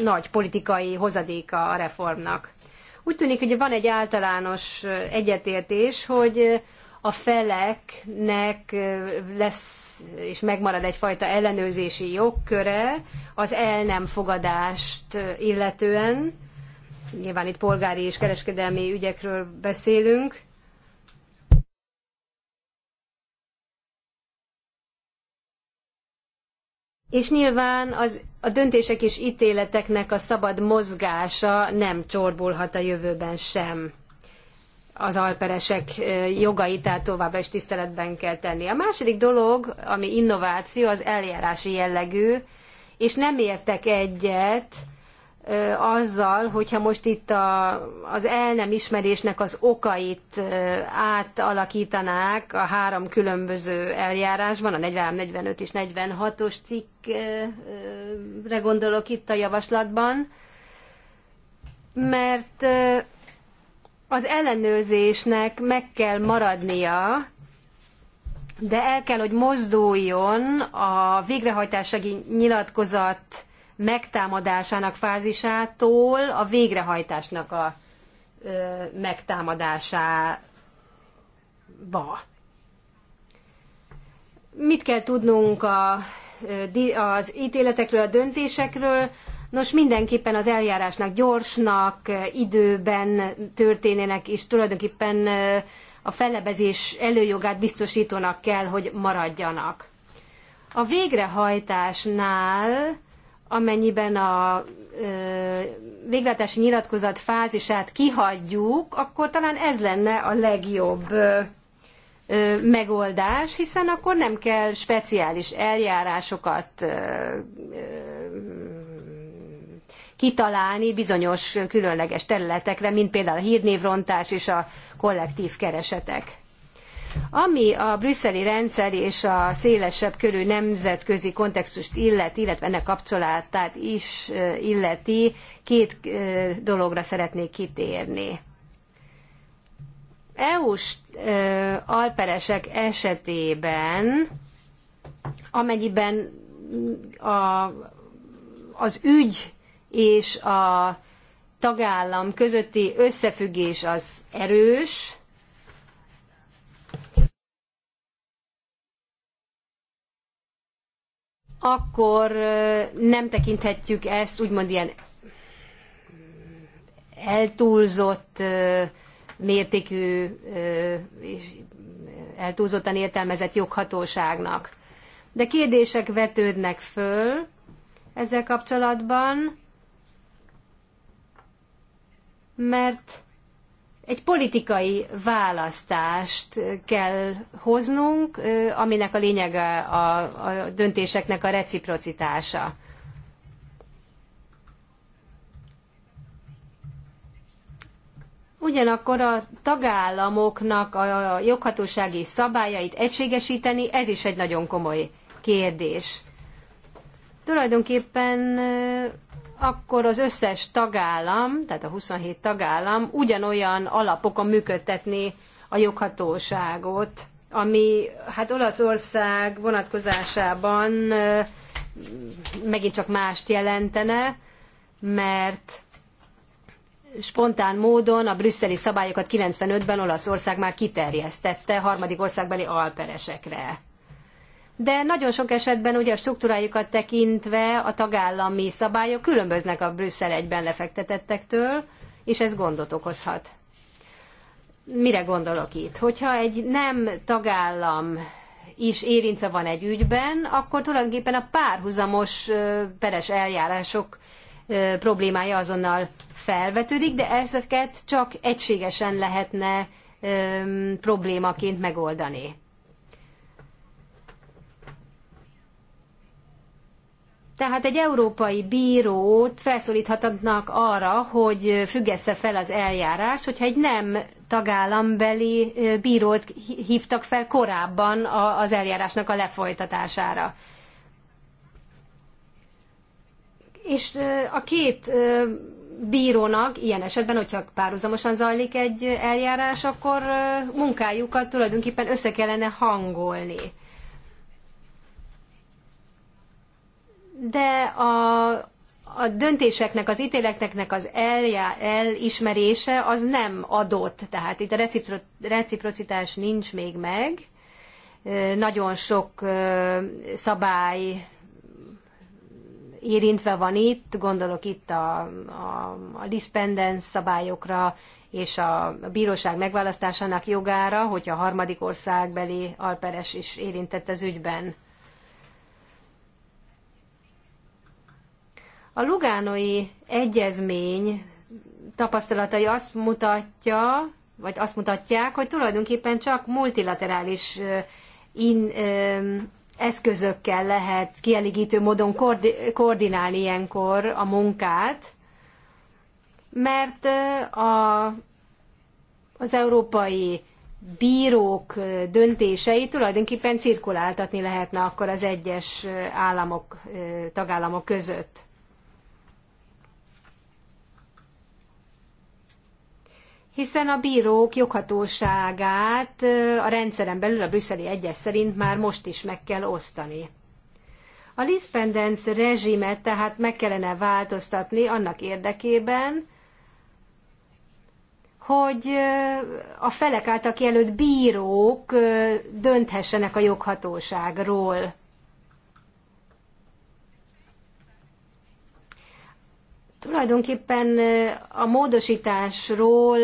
nagy politikai hozadéka a reformnak. Úgy tűnik, hogy van egy általános egyetértés, hogy a feleknek lesz és megmarad egyfajta ellenőrzési jogköre az el nem fogadást illetően. Nyilván itt polgári és kereskedelmi ügyekről beszélünk. És nyilván az, a döntések és ítéleteknek a szabad mozgása nem csorbulhat a jövőben sem az alperesek jogait tehát továbbra is tiszteletben kell tenni. A második dolog, ami innováció, az eljárási jellegű, és nem értek egyet azzal, hogyha most itt a, az el nem ismerésnek az okait átalakítanák a három különböző eljárásban, a 43, 45 és 46-os cikkre gondolok itt a javaslatban, mert az ellenőrzésnek meg kell maradnia, de el kell, hogy mozduljon a végrehajtási nyilatkozat megtámadásának fázisától a végrehajtásnak a ö, megtámadásába. Mit kell tudnunk a, az ítéletekről, a döntésekről? Nos, mindenképpen az eljárásnak gyorsnak, időben történének, és tulajdonképpen a fellebezés előjogát biztosítónak kell, hogy maradjanak. A végrehajtásnál, amennyiben a végletes nyilatkozat fázisát kihagyjuk, akkor talán ez lenne a legjobb megoldás, hiszen akkor nem kell speciális eljárásokat kitalálni bizonyos különleges területekre, mint például a hírnévrontás és a kollektív keresetek. Ami a brüsszeli rendszer és a szélesebb körű nemzetközi kontextust illeti, illetve ennek kapcsolatát is illeti, két dologra szeretnék kitérni. EU-s alperesek esetében, amennyiben mm, a, az ügy és a tagállam közötti összefüggés az erős, akkor nem tekinthetjük ezt úgymond ilyen eltúlzott mértékű és eltúlzottan értelmezett joghatóságnak. De kérdések vetődnek föl ezzel kapcsolatban, mert egy politikai választást kell hoznunk, aminek a lényege a, a döntéseknek a reciprocitása. Ugyanakkor a tagállamoknak a joghatósági szabályait egységesíteni, ez is egy nagyon komoly kérdés. Tulajdonképpen akkor az összes tagállam, tehát a 27 tagállam ugyanolyan alapokon működtetni a joghatóságot, ami hát Olaszország vonatkozásában megint csak mást jelentene, mert spontán módon a brüsszeli szabályokat 95-ben Olaszország már kiterjesztette harmadik országbeli alperesekre de nagyon sok esetben ugye a struktúrájukat tekintve a tagállami szabályok különböznek a Brüsszel egyben lefektetettektől, és ez gondot okozhat. Mire gondolok itt? Hogyha egy nem tagállam is érintve van egy ügyben, akkor tulajdonképpen a párhuzamos peres eljárások problémája azonnal felvetődik, de ezeket csak egységesen lehetne problémaként megoldani. Tehát egy európai bírót felszólíthatnak arra, hogy függesse fel az eljárást, hogyha egy nem tagállambeli bírót hívtak fel korábban az eljárásnak a lefolytatására. És a két bírónak ilyen esetben, hogyha párhuzamosan zajlik egy eljárás, akkor munkájukat tulajdonképpen össze kellene hangolni. de a, a döntéseknek, az ítéleteknek az eljá, elismerése az nem adott. Tehát itt a recipro, reciprocitás nincs még meg. Nagyon sok szabály érintve van itt, gondolok itt a, a, a dispendence szabályokra és a bíróság megválasztásának jogára, hogyha a harmadik országbeli alperes is érintett az ügyben. A lugánói egyezmény tapasztalatai azt mutatja, vagy azt mutatják, hogy tulajdonképpen csak multilaterális in, ö, eszközökkel lehet kielégítő módon koordinálni ilyenkor a munkát, mert a, az európai bírók döntései tulajdonképpen cirkuláltatni lehetne akkor az egyes államok, tagállamok között. hiszen a bírók joghatóságát a rendszeren belül a brüsszeli egyes szerint már most is meg kell osztani. A Lispendence rezsimet tehát meg kellene változtatni annak érdekében, hogy a felek által kijelölt bírók dönthessenek a joghatóságról. Tulajdonképpen a módosításról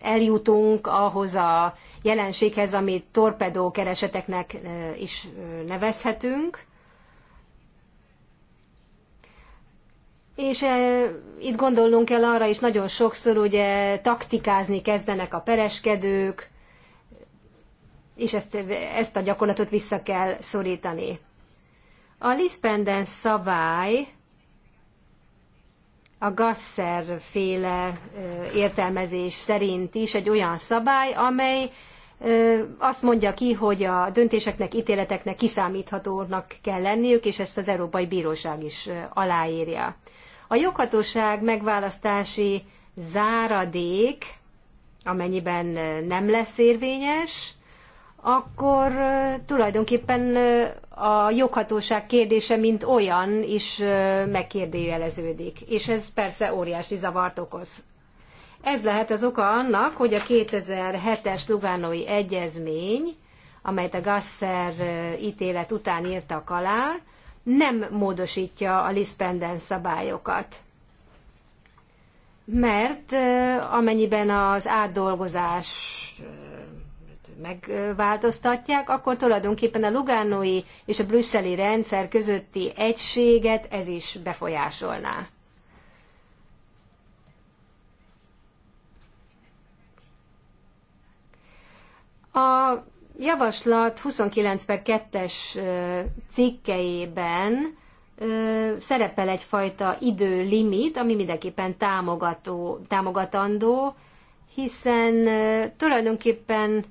eljutunk ahhoz a jelenséghez, amit torpedó kereseteknek is nevezhetünk. És itt gondolnunk kell arra is nagyon sokszor, ugye taktikázni kezdenek a pereskedők, és ezt, ezt a gyakorlatot vissza kell szorítani. A Lispenden szabály a gasser-féle értelmezés szerint is egy olyan szabály, amely azt mondja ki, hogy a döntéseknek, ítéleteknek kiszámíthatónak kell lenniük, és ezt az Európai Bíróság is aláírja. A joghatóság megválasztási záradék, amennyiben nem lesz érvényes, akkor tulajdonképpen a joghatóság kérdése, mint olyan is megkérdőjeleződik, és ez persze óriási zavart okoz. Ez lehet az oka annak, hogy a 2007-es Lugánói Egyezmény, amelyet a Gasser ítélet után írtak alá, nem módosítja a Lispenden szabályokat. Mert amennyiben az átdolgozás megváltoztatják, akkor tulajdonképpen a lugánói és a brüsszeli rendszer közötti egységet ez is befolyásolná. A javaslat 29 per 2-es cikkeiben szerepel egyfajta időlimit, ami mindenképpen támogató, támogatandó, hiszen tulajdonképpen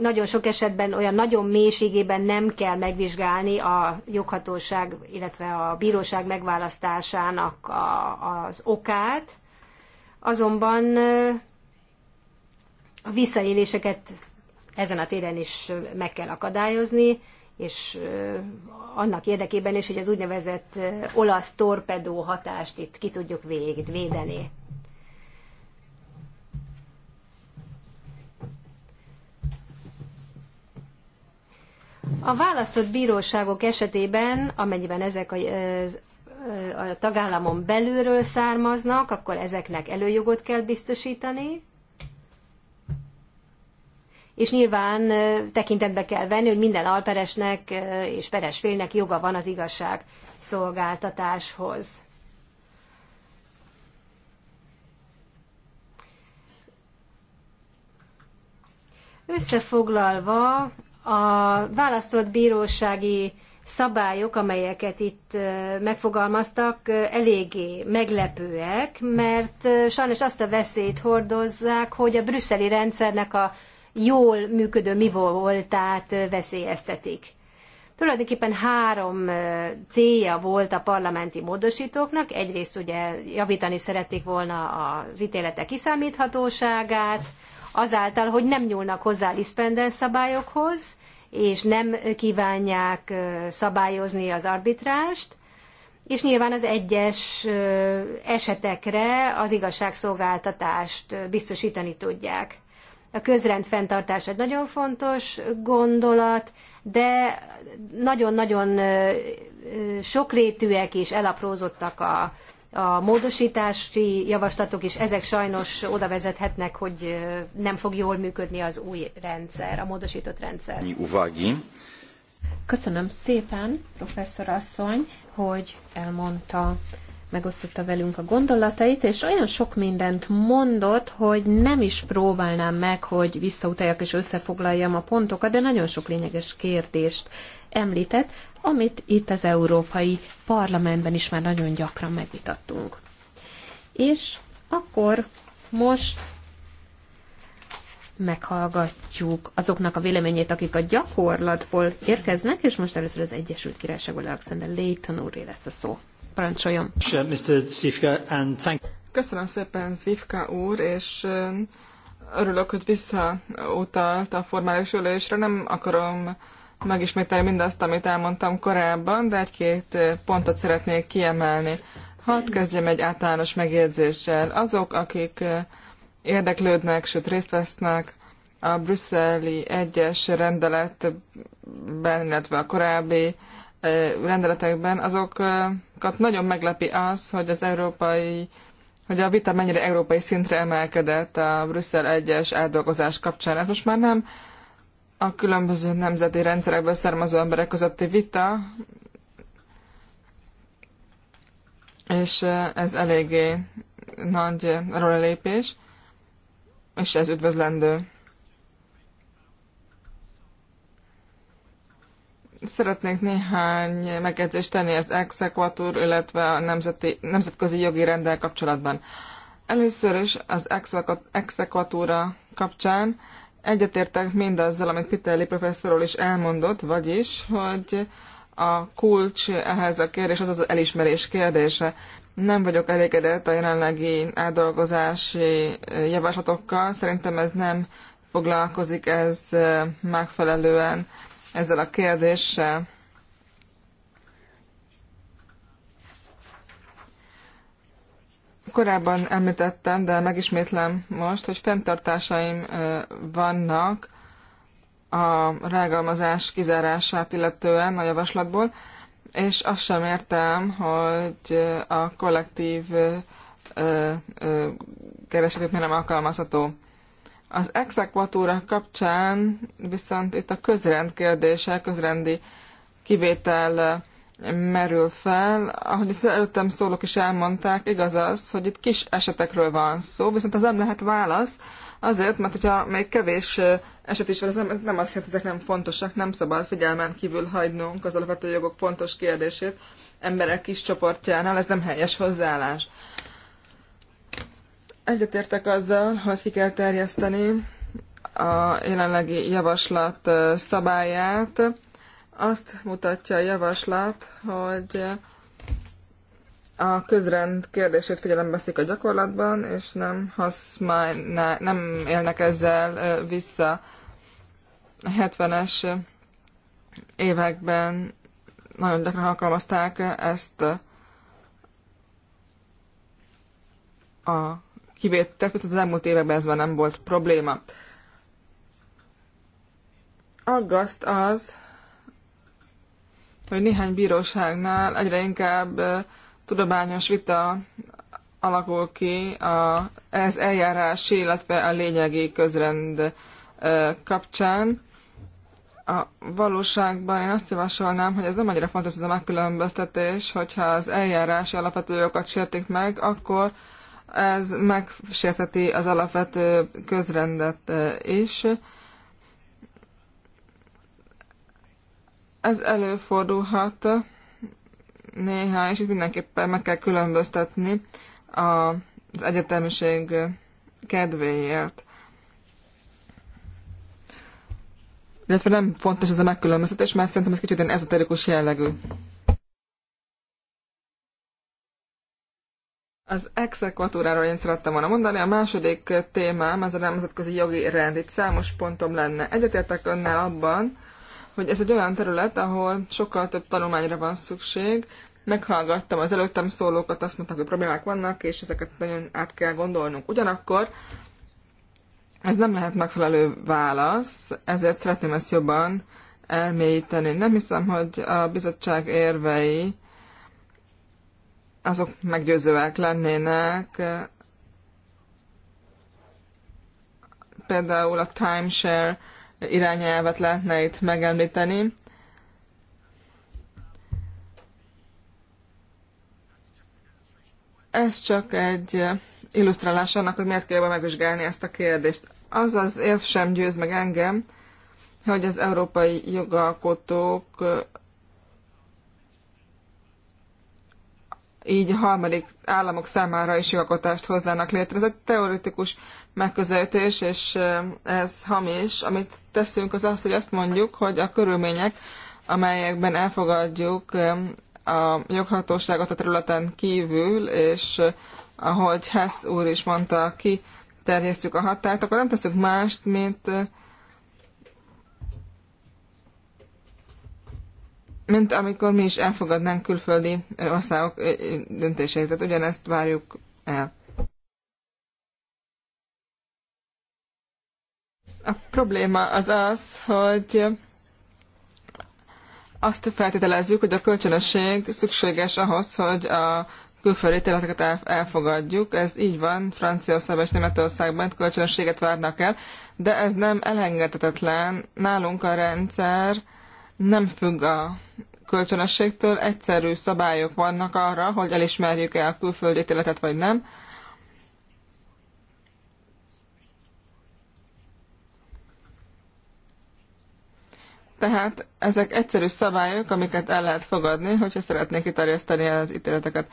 nagyon sok esetben olyan nagyon mélységében nem kell megvizsgálni a joghatóság, illetve a bíróság megválasztásának a, az okát, azonban a visszaéléseket ezen a téren is meg kell akadályozni, és annak érdekében is, hogy az úgynevezett olasz torpedó hatást itt ki tudjuk védeni. A választott bíróságok esetében, amennyiben ezek a, a tagállamon belülről származnak, akkor ezeknek előjogot kell biztosítani, és nyilván tekintetbe kell venni, hogy minden alperesnek és peresfélnek joga van az igazság szolgáltatáshoz. Összefoglalva a választott bírósági szabályok, amelyeket itt megfogalmaztak, eléggé meglepőek, mert sajnos azt a veszélyt hordozzák, hogy a brüsszeli rendszernek a jól működő mi voltát veszélyeztetik. Tulajdonképpen három célja volt a parlamenti módosítóknak. Egyrészt ugye javítani szerették volna az ítéletek kiszámíthatóságát, azáltal, hogy nem nyúlnak hozzá Lispenden szabályokhoz, és nem kívánják szabályozni az arbitrást, és nyilván az egyes esetekre az igazságszolgáltatást biztosítani tudják. A közrend fenntartás egy nagyon fontos gondolat, de nagyon-nagyon sokrétűek és elaprózottak a a módosítási javaslatok is, ezek sajnos oda vezethetnek, hogy nem fog jól működni az új rendszer, a módosított rendszer. Köszönöm szépen, professzor asszony, hogy elmondta, megosztotta velünk a gondolatait, és olyan sok mindent mondott, hogy nem is próbálnám meg, hogy visszautaljak és összefoglaljam a pontokat, de nagyon sok lényeges kérdést említett amit itt az Európai Parlamentben is már nagyon gyakran megvitattunk. És akkor most meghallgatjuk azoknak a véleményét, akik a gyakorlatból érkeznek, és most először az Egyesült Királyságból Alexander Leighton úré lesz a szó. Parancsoljon! Köszönöm szépen, Zvivka úr, és örülök, hogy visszautalt a formális ülésre. Nem akarom megismételni mindazt, amit elmondtam korábban, de egy-két pontot szeretnék kiemelni. Hadd kezdjem egy általános megjegyzéssel. Azok, akik érdeklődnek, sőt részt vesznek a brüsszeli egyes rendeletben, illetve a korábbi rendeletekben, azokat nagyon meglepi az, hogy az európai hogy a vita mennyire európai szintre emelkedett a Brüsszel egyes átdolgozás kapcsán. Hát most már nem a különböző nemzeti rendszerekből származó emberek közötti vita, és ez eléggé nagy lépés, és ez üdvözlendő. Szeretnék néhány megjegyzést tenni az exekvatúr, illetve a nemzeti, nemzetközi jogi rendel kapcsolatban. Először is az exekvatúra kapcsán Egyetértek mindazzal, amit Pitelli professzorról is elmondott, vagyis, hogy a kulcs ehhez a kérdés az az elismerés kérdése. Nem vagyok elégedett a jelenlegi átdolgozási javaslatokkal, szerintem ez nem foglalkozik ez eh, megfelelően ezzel a kérdéssel. Korábban említettem, de megismétlem most, hogy fenntartásaim vannak a rágalmazás kizárását illetően a javaslatból, és azt sem értem, hogy a kollektív keresetét nem alkalmazható. Az exekvatúra kapcsán viszont itt a közrend kérdése, közrendi kivétel merül fel. Ahogy az előttem szólók is elmondták, igaz az, hogy itt kis esetekről van szó, viszont az nem lehet válasz, azért, mert hogyha még kevés eset is van, ez nem, nem azt jelenti, ezek nem fontosak, nem szabad figyelmen kívül hagynunk az alapvető jogok fontos kérdését emberek kis csoportjánál, ez nem helyes hozzáállás. Egyetértek azzal, hogy ki kell terjeszteni a jelenlegi javaslat szabályát, azt mutatja a javaslat, hogy a közrend kérdését figyelembe veszik a gyakorlatban, és nem ne, nem élnek ezzel vissza. 70-es években nagyon gyakran alkalmazták ezt a kivételt, tehát az elmúlt években ez már nem volt probléma. Aggaszt az, hogy néhány bíróságnál egyre inkább tudományos vita alakul ki az ez eljárási, illetve a lényegi közrend kapcsán. A valóságban én azt javasolnám, hogy ez nem annyira fontos ez a megkülönböztetés, hogyha az eljárási alapvető jogokat sértik meg, akkor ez megsérteti az alapvető közrendet is. Ez előfordulhat néha, és itt mindenképpen meg kell különböztetni a, az egyetemiség kedvéért. Illetve nem fontos ez a megkülönböztetés, mert szerintem ez kicsit ilyen ezoterikus jellegű. Az exekvatúráról én szerettem volna mondani. A második témám, ez a nemzetközi jogi rend. Itt számos pontom lenne. Egyetértek önnel abban, hogy ez egy olyan terület, ahol sokkal több tanulmányra van szükség. Meghallgattam az előttem szólókat, azt mondták, hogy problémák vannak, és ezeket nagyon át kell gondolnunk. Ugyanakkor ez nem lehet megfelelő válasz, ezért szeretném ezt jobban elmélyíteni. Nem hiszem, hogy a bizottság érvei azok meggyőzőek lennének. Például a timeshare irányelvet lehetne itt megemlíteni. Ez csak egy illusztrálás annak, hogy miért kell megvizsgálni ezt a kérdést. Az az érv sem győz meg engem, hogy az európai jogalkotók így a harmadik államok számára is jogalkotást hoznának létre. Ez egy teoretikus megközelítés, és ez hamis. Amit teszünk az az, hogy azt mondjuk, hogy a körülmények, amelyekben elfogadjuk a joghatóságot a területen kívül, és ahogy Hess úr is mondta, ki terjesztjük a határt, akkor nem teszünk mást, mint mint amikor mi is elfogadnánk külföldi országok döntéseit. Tehát ugyanezt várjuk el. A probléma az az, hogy azt feltételezzük, hogy a kölcsönösség szükséges ahhoz, hogy a külföldi ítéleteket elfogadjuk. Ez így van, Franciaországban és Németországban kölcsönösséget várnak el, de ez nem elengedhetetlen. Nálunk a rendszer nem függ a kölcsönösségtől, egyszerű szabályok vannak arra, hogy elismerjük-e a külföldi életet vagy nem. Tehát ezek egyszerű szabályok, amiket el lehet fogadni, hogyha szeretnék kiterjeszteni az ítéleteket.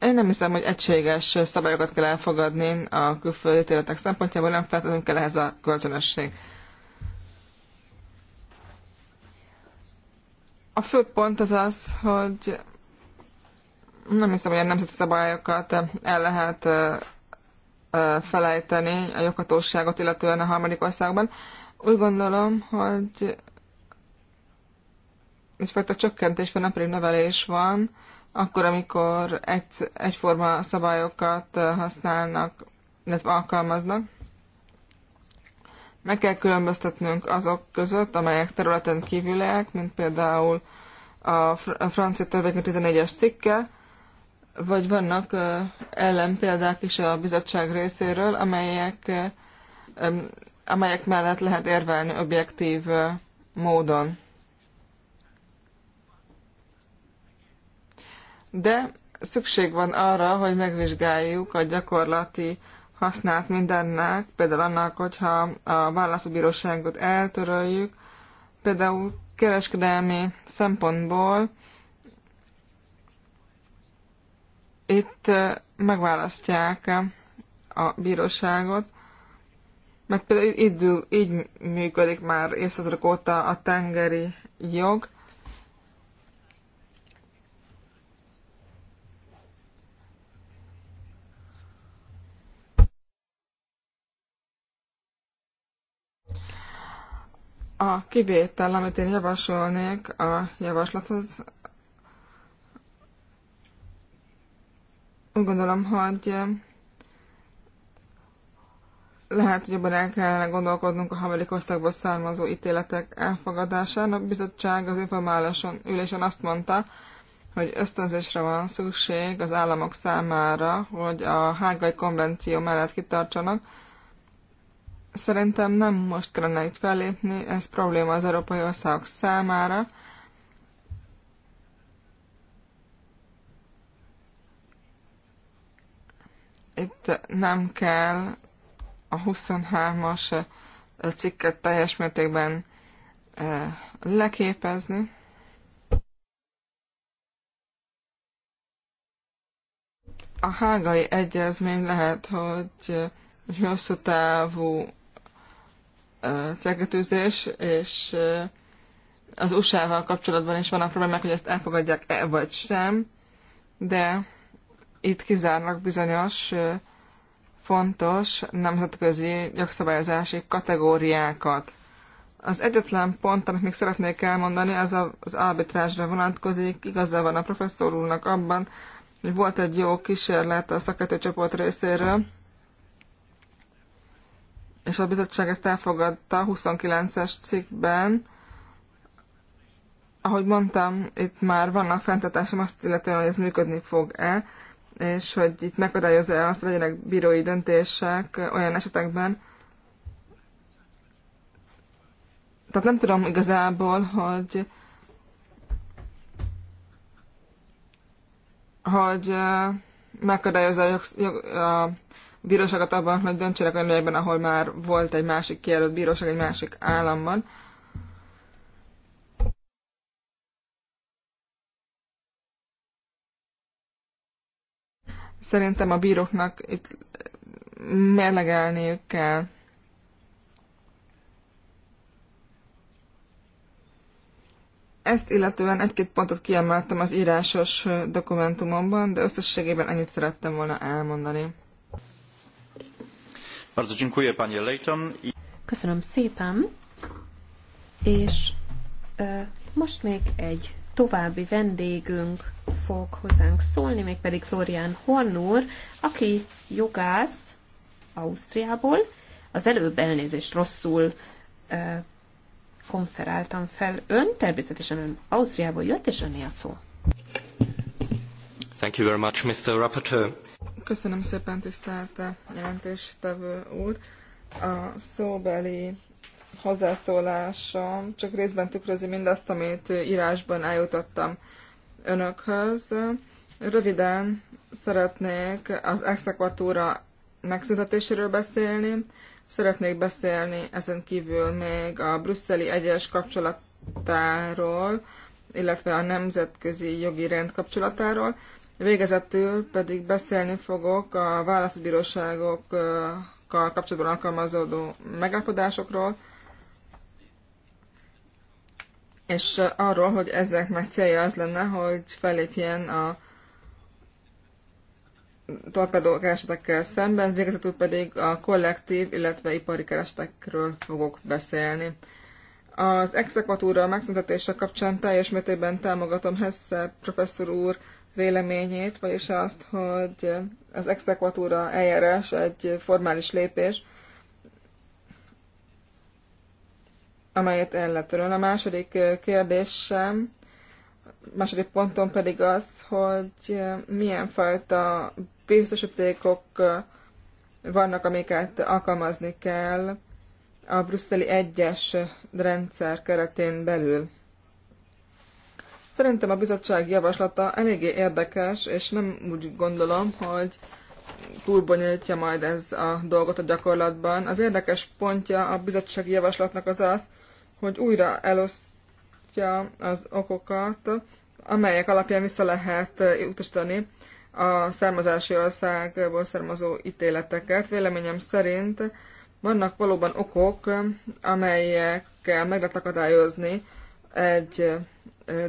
Én nem hiszem, hogy egységes szabályokat kell elfogadni a külföldi ítéletek szempontjából, nem feltétlenül kell ehhez a kölcsönösség. A fő pont az az, hogy nem hiszem, hogy a nemzeti szabályokat el lehet felejteni a joghatóságot, illetően a harmadik országban. Úgy gondolom, hogy egyfajta csökkentés vagy napelő növelés van, akkor, amikor egy, egyforma szabályokat használnak, illetve alkalmaznak. Meg kell különböztetnünk azok között, amelyek területen kívüliek, mint például a, francia törvények 14-es cikke, vagy vannak ellenpéldák is a bizottság részéről, amelyek, amelyek mellett lehet érvelni objektív módon. De szükség van arra, hogy megvizsgáljuk a gyakorlati használt mindennek, például annak, hogyha a válaszbíróságot eltöröljük, például kereskedelmi szempontból itt megválasztják a bíróságot, mert például így, így működik már évszázadok óta a tengeri jog, A kivétel, amit én javasolnék a javaslathoz, úgy gondolom, hogy lehet, hogy jobban el kellene gondolkodnunk a harmadik országból származó ítéletek elfogadásán. A bizottság az informáláson ülésen azt mondta, hogy ösztönzésre van szükség az államok számára, hogy a hágai konvenció mellett kitartsanak, Szerintem nem most kellene itt fellépni, ez probléma az európai országok számára. Itt nem kell a 23-as cikket teljes mértékben eh, leképezni. A hágai egyezmény lehet, hogy egy eh, hosszú távú célkötőzés, és az USA-val kapcsolatban is vannak problémák, hogy ezt elfogadják-e vagy sem, de itt kizárnak bizonyos fontos nemzetközi jogszabályozási kategóriákat. Az egyetlen pont, amit még szeretnék elmondani, az a, az arbitrásra vonatkozik. Igaza van a professzor úrnak abban, hogy volt egy jó kísérlet a szakértőcsoport részéről, és a bizottság ezt elfogadta 29-es cikkben. Ahogy mondtam, itt már vannak fenntartásom azt illetően, hogy ez működni fog-e, és hogy itt megadályozza e azt, hogy legyenek bírói döntések olyan esetekben. Tehát nem tudom igazából, hogy hogy megakadályozza a, jog, a bíróságot abban, hogy döntsenek olyan ügyekben, ahol már volt egy másik kijelölt bíróság egy másik államban. Szerintem a bíróknak itt mérlegelniük kell. Ezt illetően egy-két pontot kiemeltem az írásos dokumentumomban, de összességében ennyit szerettem volna elmondani. Bardzo dziękuję, panie Köszönöm szépen, és ö, most még egy további vendégünk fog hozzánk szólni, mégpedig Florian Hornur, aki jogász Ausztriából. Az előbb elnézést rosszul ö, konferáltam fel ön, természetesen ön Ausztriából jött, és öné a szó. Thank you very much, Mr. Rapporteur. Köszönöm szépen, tisztelt jelentéstevő úr. A szóbeli hozzászólásom csak részben tükrözi mindazt, amit írásban eljutottam önökhöz. Röviden szeretnék az exekvatúra megszüntetéséről beszélni. Szeretnék beszélni ezen kívül még a brüsszeli egyes kapcsolatáról, illetve a nemzetközi jogi rend kapcsolatáról, Végezetül pedig beszélni fogok a válaszbíróságokkal kapcsolatban alkalmazódó megállapodásokról, és arról, hogy ezeknek célja az lenne, hogy felépjen a esetekkel szemben, végezetül pedig a kollektív, illetve ipari keresetekről fogok beszélni. Az exekvatúra megszüntetése kapcsán teljes mértékben támogatom Hesse professzor úr véleményét, vagyis azt, hogy az exekvatúra eljárás egy formális lépés, amelyet el lehet törölni. A második kérdésem, második ponton pedig az, hogy milyen fajta biztosítékok vannak, amiket alkalmazni kell a brüsszeli egyes rendszer keretén belül. Szerintem a bizottság javaslata eléggé érdekes, és nem úgy gondolom, hogy túlbonyolítja majd ez a dolgot a gyakorlatban. Az érdekes pontja a bizottsági javaslatnak az az, hogy újra elosztja az okokat, amelyek alapján vissza lehet utasítani a származási országból származó ítéleteket. Véleményem szerint vannak valóban okok, amelyekkel meg lehet akadályozni egy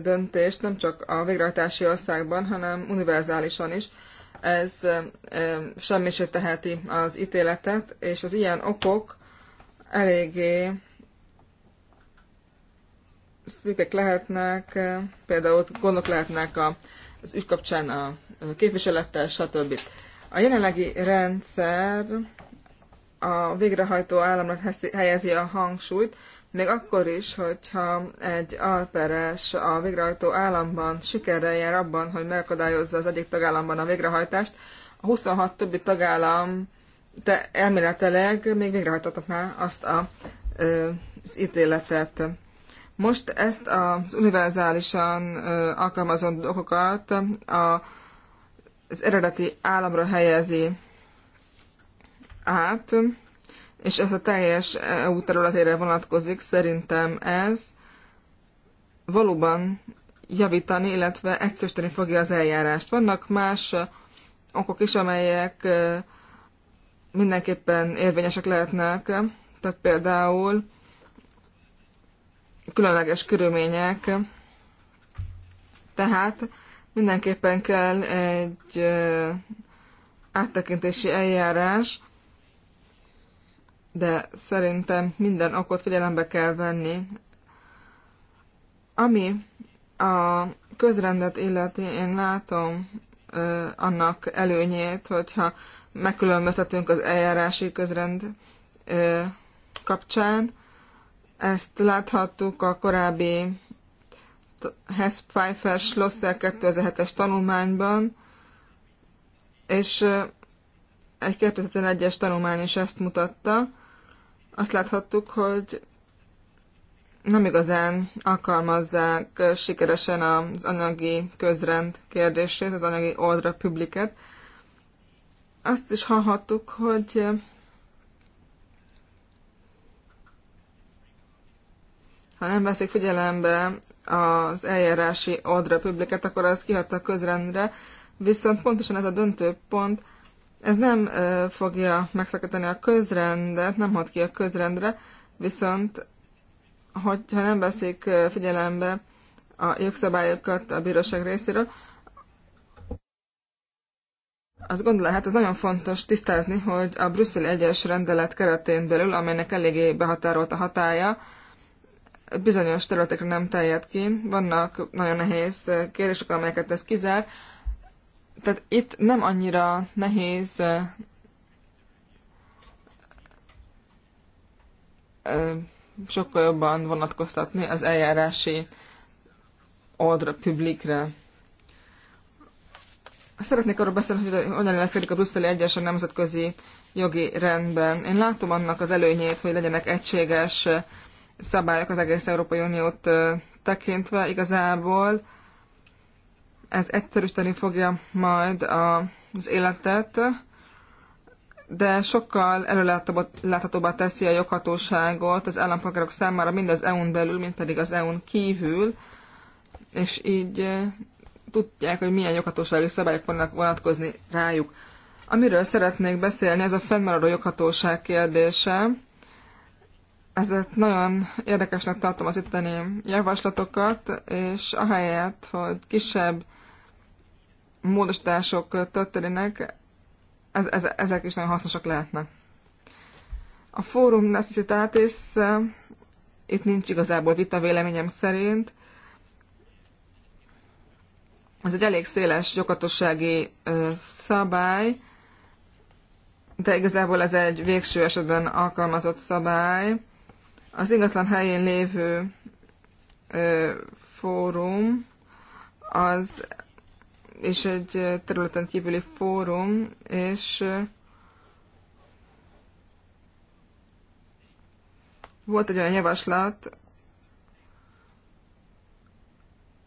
döntést nem csak a végrehajtási országban, hanem univerzálisan is. Ez semmi se teheti az ítéletet, és az ilyen okok eléggé szűkek lehetnek, például gondok lehetnek az ügy kapcsán a képviselettel, stb. A jelenlegi rendszer a végrehajtó államnak helyezi a hangsúlyt, még akkor is, hogyha egy alperes a végrehajtó államban sikerrel jár abban, hogy megakadályozza az egyik tagállamban a végrehajtást, a 26 többi tagállam te elméletileg még végrehajtatná azt a, az ítéletet. Most ezt az univerzálisan alkalmazott okokat a, az eredeti államra helyezi át, és ez a teljes EU területére vonatkozik, szerintem ez valóban javítani, illetve egyszerűsíteni fogja az eljárást. Vannak más okok is, amelyek mindenképpen érvényesek lehetnek, tehát például különleges körülmények, tehát mindenképpen kell egy áttekintési eljárás, de szerintem minden okot figyelembe kell venni. Ami a közrendet illeti, én látom ö, annak előnyét, hogyha megkülönböztetünk az eljárási közrend ö, kapcsán. Ezt láthattuk a korábbi Hess Pfeiffer Schlosser 2007-es tanulmányban, és egy 2001-es tanulmány is ezt mutatta, azt láthattuk, hogy nem igazán alkalmazzák sikeresen az anyagi közrend kérdését, az anyagi oldra publiket. Azt is hallhattuk, hogy ha nem veszik figyelembe az eljárási oldra publiket, akkor az kihat a közrendre, viszont pontosan ez a döntő pont, ez nem fogja megszakítani a közrendet, nem hat ki a közrendre, viszont hogyha nem veszik figyelembe a jogszabályokat a bíróság részéről, az gond lehet, ez nagyon fontos tisztázni, hogy a brüsszeli egyes rendelet keretén belül, amelynek eléggé behatárolt a hatája, bizonyos területekre nem terjed ki. Vannak nagyon nehéz kérdések, amelyeket ez kizár, tehát itt nem annyira nehéz sokkal jobban vonatkoztatni az eljárási oldra, publikre. Szeretnék arról beszélni, hogy hogyan leszedik a brüsszeli egyes a nemzetközi jogi rendben. Én látom annak az előnyét, hogy legyenek egységes szabályok az egész Európai Uniót tekintve igazából ez egyszerűsíteni fogja majd a, az életet, de sokkal előláthatóbbá teszi a joghatóságot az állampolgárok számára, mind az EU-n belül, mind pedig az EU-n kívül, és így eh, tudják, hogy milyen joghatósági szabályok vannak vonatkozni rájuk. Amiről szeretnék beszélni, ez a fennmaradó joghatóság kérdése. Ezért nagyon érdekesnek tartom az itteni javaslatokat, és ahelyett, hogy kisebb módosítások történnek, ez, ez, ezek is nagyon hasznosak lehetnek. A fórum necessitatis, itt nincs igazából vita véleményem szerint, ez egy elég széles gyakorlatossági szabály, de igazából ez egy végső esetben alkalmazott szabály. Az ingatlan helyén lévő ö, fórum az és egy területen kívüli fórum, és volt egy olyan javaslat,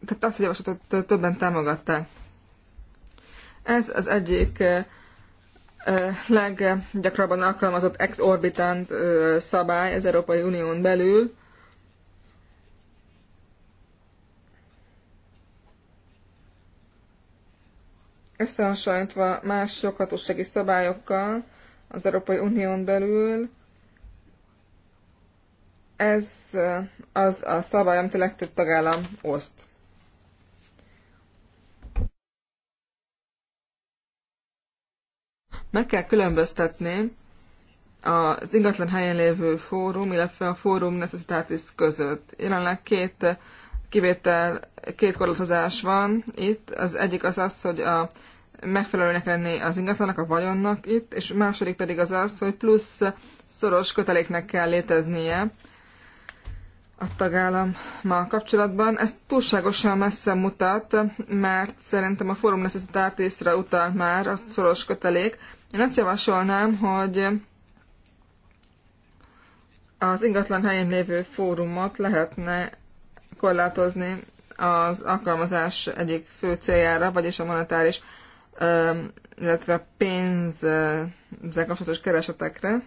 tehát azt a javaslatot többen támogatták. Ez az egyik leggyakrabban alkalmazott exorbitant szabály az Európai Unión belül, összehasonlítva más joghatósági szabályokkal az Európai Unión belül, ez eh, az a szabály, amit a legtöbb tagállam oszt. Meg kell különböztetni az ingatlan helyen lévő fórum, illetve a fórum necessitatis között. Jelenleg két kivétel, két korlátozás van itt. Az egyik az az, hogy a megfelelőnek lenni az ingatlanak, a vagyonnak itt, és második pedig az az, hogy plusz szoros köteléknek kell léteznie a tagállammal kapcsolatban. Ez túlságosan messze mutat, mert szerintem a Forum észre utal már a szoros kötelék. Én azt javasolnám, hogy az ingatlan helyén lévő fórumot lehetne korlátozni az alkalmazás egyik fő céljára, vagyis a monetáris, illetve pénzzel kapcsolatos keresetekre.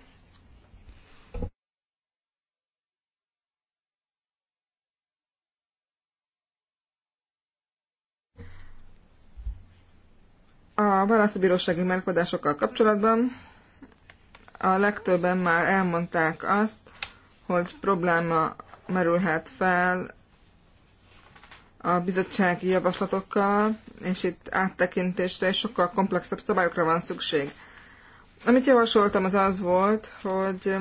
A válaszbírósági megoldásokkal kapcsolatban a legtöbben már elmondták azt, hogy probléma merülhet fel a bizottsági javaslatokkal, és itt áttekintésre és sokkal komplexebb szabályokra van szükség. Amit javasoltam, az az volt, hogy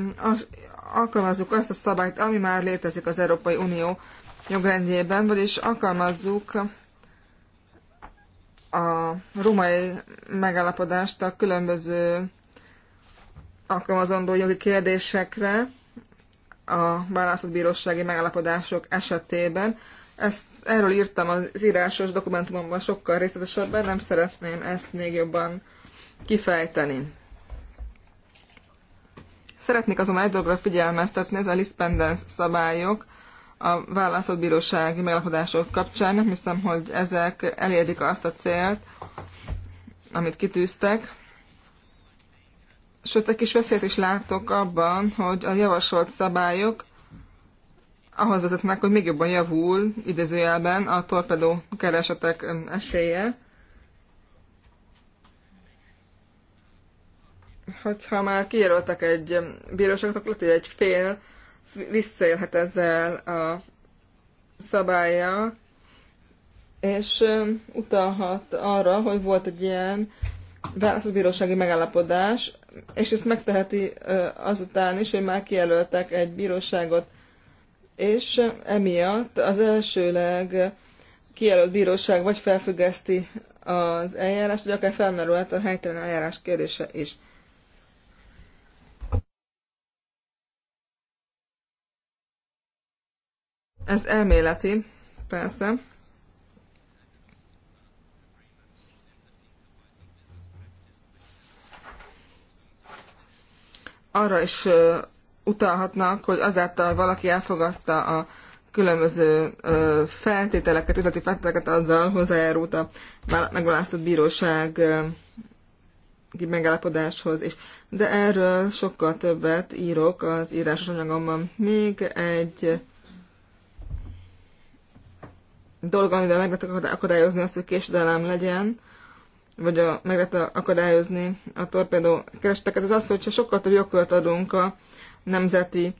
alkalmazzuk azt a szabályt, ami már létezik az Európai Unió jogrendjében, vagyis alkalmazzuk a római megállapodást a különböző alkalmazandó jogi kérdésekre a választott bírósági megállapodások esetében. Ezt erről írtam az írásos dokumentumomban sokkal részletesebben, nem szeretném ezt még jobban kifejteni. Szeretnék azon egy dologra figyelmeztetni, ez a lispendens szabályok a válaszolt bírósági megalapodások kapcsán. hiszem, hogy ezek elérik azt a célt, amit kitűztek. Sőt, egy kis veszélyt is látok abban, hogy a javasolt szabályok ahhoz vezetnek, hogy még jobban javul idézőjelben a torpedó keresetek esélye. Hogyha már kijelöltek egy bíróságot, akkor lehet, hogy egy fél visszaélhet ezzel a szabálya, és um, utalhat arra, hogy volt egy ilyen választott bírósági megállapodás, és ezt megteheti azután is, hogy már kijelöltek egy bíróságot és emiatt az elsőleg kijelölt bíróság vagy felfüggeszti az eljárást, vagy akár felmerülhet a helytelen eljárás kérdése is. Ez elméleti, persze. Arra is utalhatnak, hogy azáltal, hogy valaki elfogadta a különböző feltételeket, üzleti feltételeket azzal hozzájárult a megválasztott bíróság megállapodáshoz is. De erről sokkal többet írok az írásos anyagomban. Még egy dolog, amivel meg lehet akadályozni azt, hogy késedelem legyen, vagy a, meg lehet akadályozni a torpedó kereseteket, az az, hogyha sokkal több jogkört adunk a nemzeti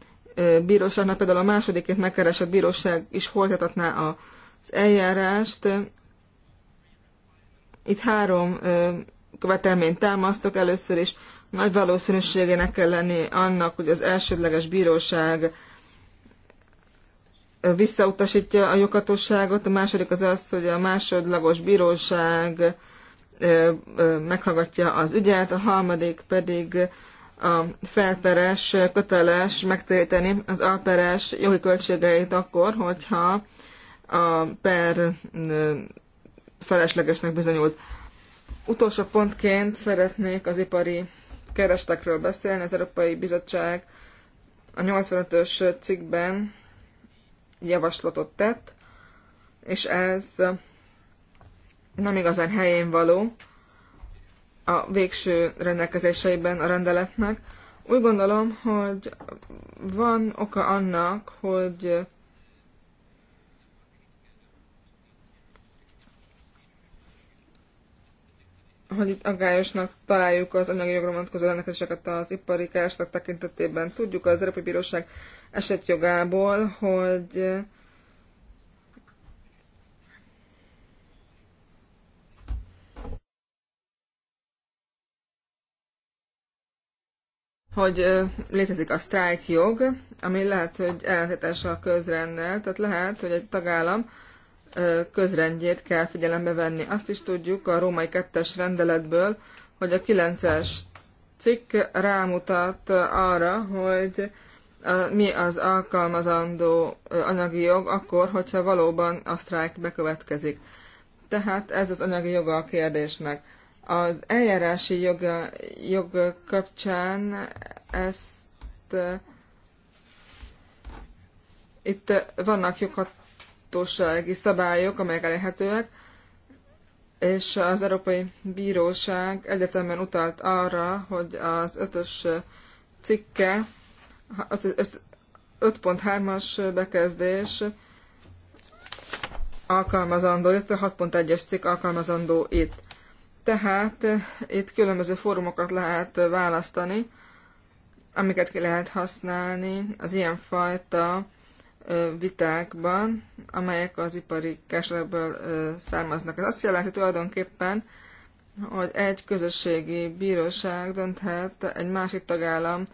bíróságnak, például a másodikét megkeresett bíróság is folytatná az eljárást. Itt három követelményt támasztok. Először is nagy valószínűségének kell lenni annak, hogy az elsődleges bíróság visszautasítja a joghatóságot, a második az az, hogy a másodlagos bíróság meghallgatja az ügyet, a harmadik pedig a felperes köteles megtéríteni az alperes jogi költségeit akkor, hogyha a per feleslegesnek bizonyult. Utolsó pontként szeretnék az ipari kerestekről beszélni. Az Európai Bizottság a 85-ös cikkben javaslatot tett, és ez nem igazán helyén való, a végső rendelkezéseiben a rendeletnek. Úgy gondolom, hogy van oka annak, hogy hogy itt aggályosnak találjuk az anyagi jogra vonatkozó rendelkezéseket az ipari kereslet tekintetében. Tudjuk az Európai Bíróság esetjogából, hogy hogy létezik a jog, ami lehet, hogy ellentétes a közrendel, tehát lehet, hogy egy tagállam közrendjét kell figyelembe venni. Azt is tudjuk a római kettes rendeletből, hogy a 9-es cikk rámutat arra, hogy mi az alkalmazandó anyagi jog akkor, hogyha valóban a sztrájk bekövetkezik. Tehát ez az anyagi joga a kérdésnek. Az eljárási jog, jog kapcsán ezt itt vannak joghatósági szabályok, amelyek elérhetőek, és az Európai Bíróság egyetemben utalt arra, hogy az ötös cikke, 5.3-as bekezdés alkalmazandó, illetve 6.1-es cikk alkalmazandó itt. Tehát eh, itt különböző fórumokat lehet választani, amiket ki lehet használni az ilyenfajta vitákban, amelyek az ipari keserekből származnak. Ez azt jelenti tulajdonképpen, hogy egy közösségi bíróság dönthet egy másik tagállam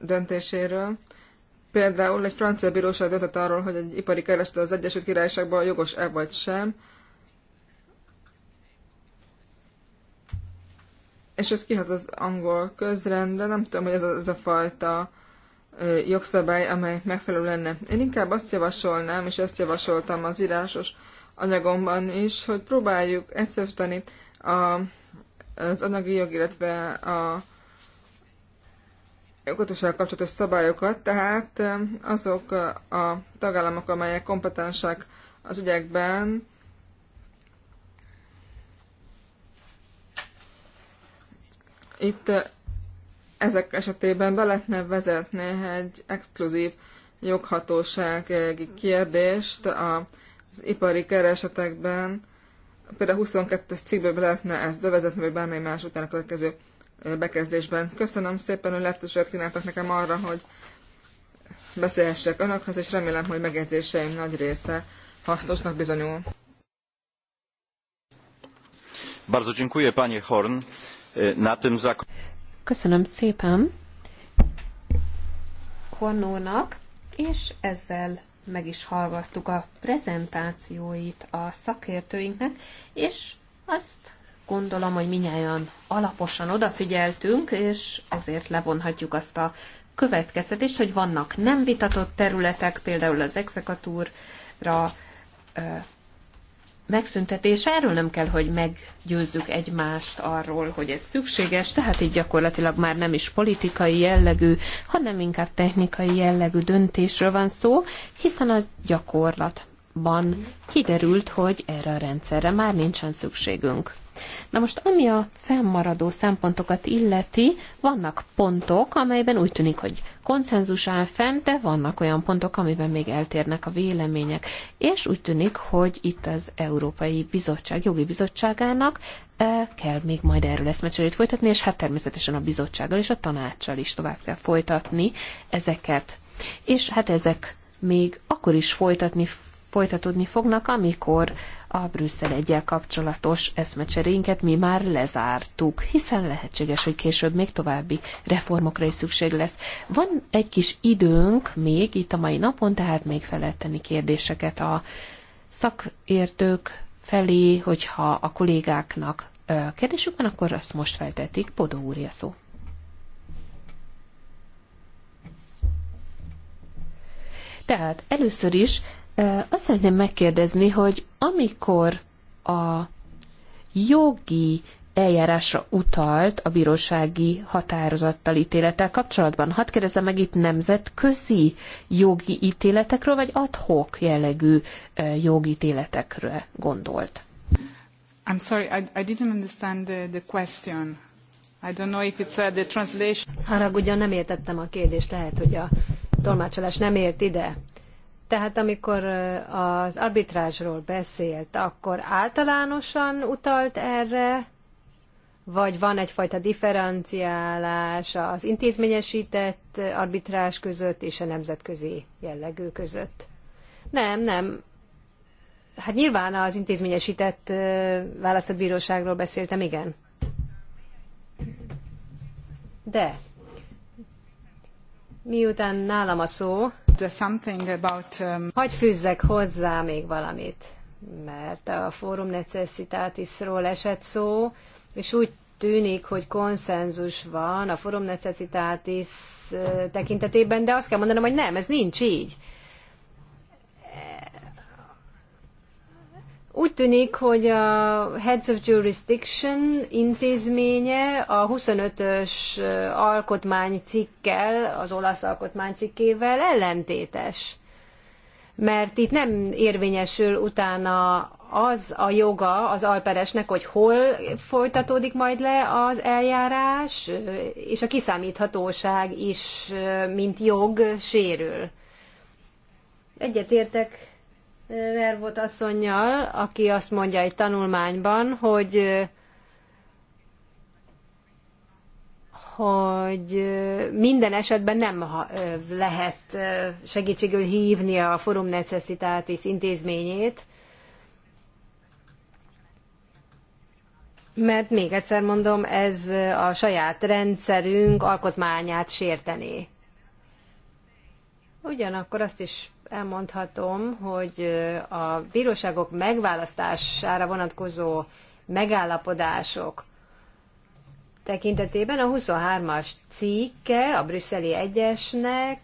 döntéséről. Például egy francia bíróság döntött arról, hogy egy ipari kereslet az Egyesült Királyságban jogos-e vagy sem, és ez kihat az angol de nem tudom, hogy ez a, ez a fajta jogszabály, amely megfelelő lenne. Én inkább azt javasolnám, és ezt javasoltam az írásos anyagomban is, hogy próbáljuk egyszerűsíteni a, az anyagi jog, illetve a jogotossal kapcsolatos szabályokat, tehát azok a tagállamok, amelyek kompetensek az ügyekben, itt eh, ezek esetében be lehetne vezetni egy exkluzív joghatósági eh, kérdést az ipari keresetekben, például 22-es cikkből be lehetne ezt bevezetni, vagy bármely más után a következő eh, bekezdésben. Köszönöm szépen, hogy lehetőséget kínáltak nekem arra, hogy beszélhessek önökhez, és remélem, hogy megjegyzéseim nagy része hasznosnak bizonyul. Bardzo dziękuję, panie Horn. Na tym Köszönöm szépen Kornónak, és ezzel meg is hallgattuk a prezentációit a szakértőinknek, és azt gondolom, hogy minnyáján alaposan odafigyeltünk, és ezért levonhatjuk azt a következtetést, hogy vannak nem vitatott területek, például az exekatúrra megszüntetése, erről nem kell, hogy meggyőzzük egymást arról, hogy ez szükséges, tehát így gyakorlatilag már nem is politikai jellegű, hanem inkább technikai jellegű döntésről van szó, hiszen a gyakorlat ban kiderült, hogy erre a rendszerre már nincsen szükségünk. Na most, ami a fennmaradó szempontokat illeti, vannak pontok, amelyben úgy tűnik, hogy konszenzus áll fent, de vannak olyan pontok, amiben még eltérnek a vélemények. És úgy tűnik, hogy itt az Európai Bizottság, Jogi Bizottságának eh, kell még majd erről eszmecserét folytatni, és hát természetesen a bizottsággal és a tanácssal is tovább kell folytatni ezeket. És hát ezek még akkor is folytatni folytatódni fognak, amikor a Brüsszel egyel kapcsolatos eszmecserénket mi már lezártuk, hiszen lehetséges, hogy később még további reformokra is szükség lesz. Van egy kis időnk még itt a mai napon, tehát még feletteni kérdéseket a szakértők felé, hogyha a kollégáknak kérdésük van, akkor azt most feltetik. Bodó úr, a szó. Tehát először is azt szeretném megkérdezni, hogy amikor a jogi eljárásra utalt a bírósági határozattal ítélettel kapcsolatban. Hadd kérdezzem meg itt nemzetközi jogi ítéletekről, vagy adhok jellegű jogi ítéletekről gondolt? I'm sorry, I, I didn't understand the, the question. I don't know if it's uh, the translation. Haragudjon, nem értettem a kérdést, lehet, hogy a tolmácsolás nem ért ide. Tehát amikor az arbitrázsról beszélt, akkor általánosan utalt erre, vagy van egyfajta differenciálás az intézményesített arbitrás között és a nemzetközi jellegű között? Nem, nem. Hát nyilván az intézményesített választott bíróságról beszéltem, igen. De miután nálam a szó, something about, um... Hagy fűzzek hozzá még valamit, mert a Fórum Necessitatisról esett szó, és úgy tűnik, hogy konszenzus van a Forum Necessitatis eh, tekintetében, de azt kell mondanom, hogy nem, ez nincs így. Úgy tűnik, hogy a Heads of Jurisdiction intézménye a 25-ös alkotmánycikkel, az olasz alkotmánycikkével ellentétes. Mert itt nem érvényesül utána az a joga az alperesnek, hogy hol folytatódik majd le az eljárás, és a kiszámíthatóság is, mint jog, sérül. Egyetértek Nervot asszonynal, aki azt mondja egy tanulmányban, hogy hogy minden esetben nem lehet segítségül hívni a Forum Necessitatis intézményét, mert még egyszer mondom, ez a saját rendszerünk alkotmányát sértené. Ugyanakkor azt is elmondhatom, hogy a bíróságok megválasztására vonatkozó megállapodások tekintetében a 23-as cikke a brüsszeli egyesnek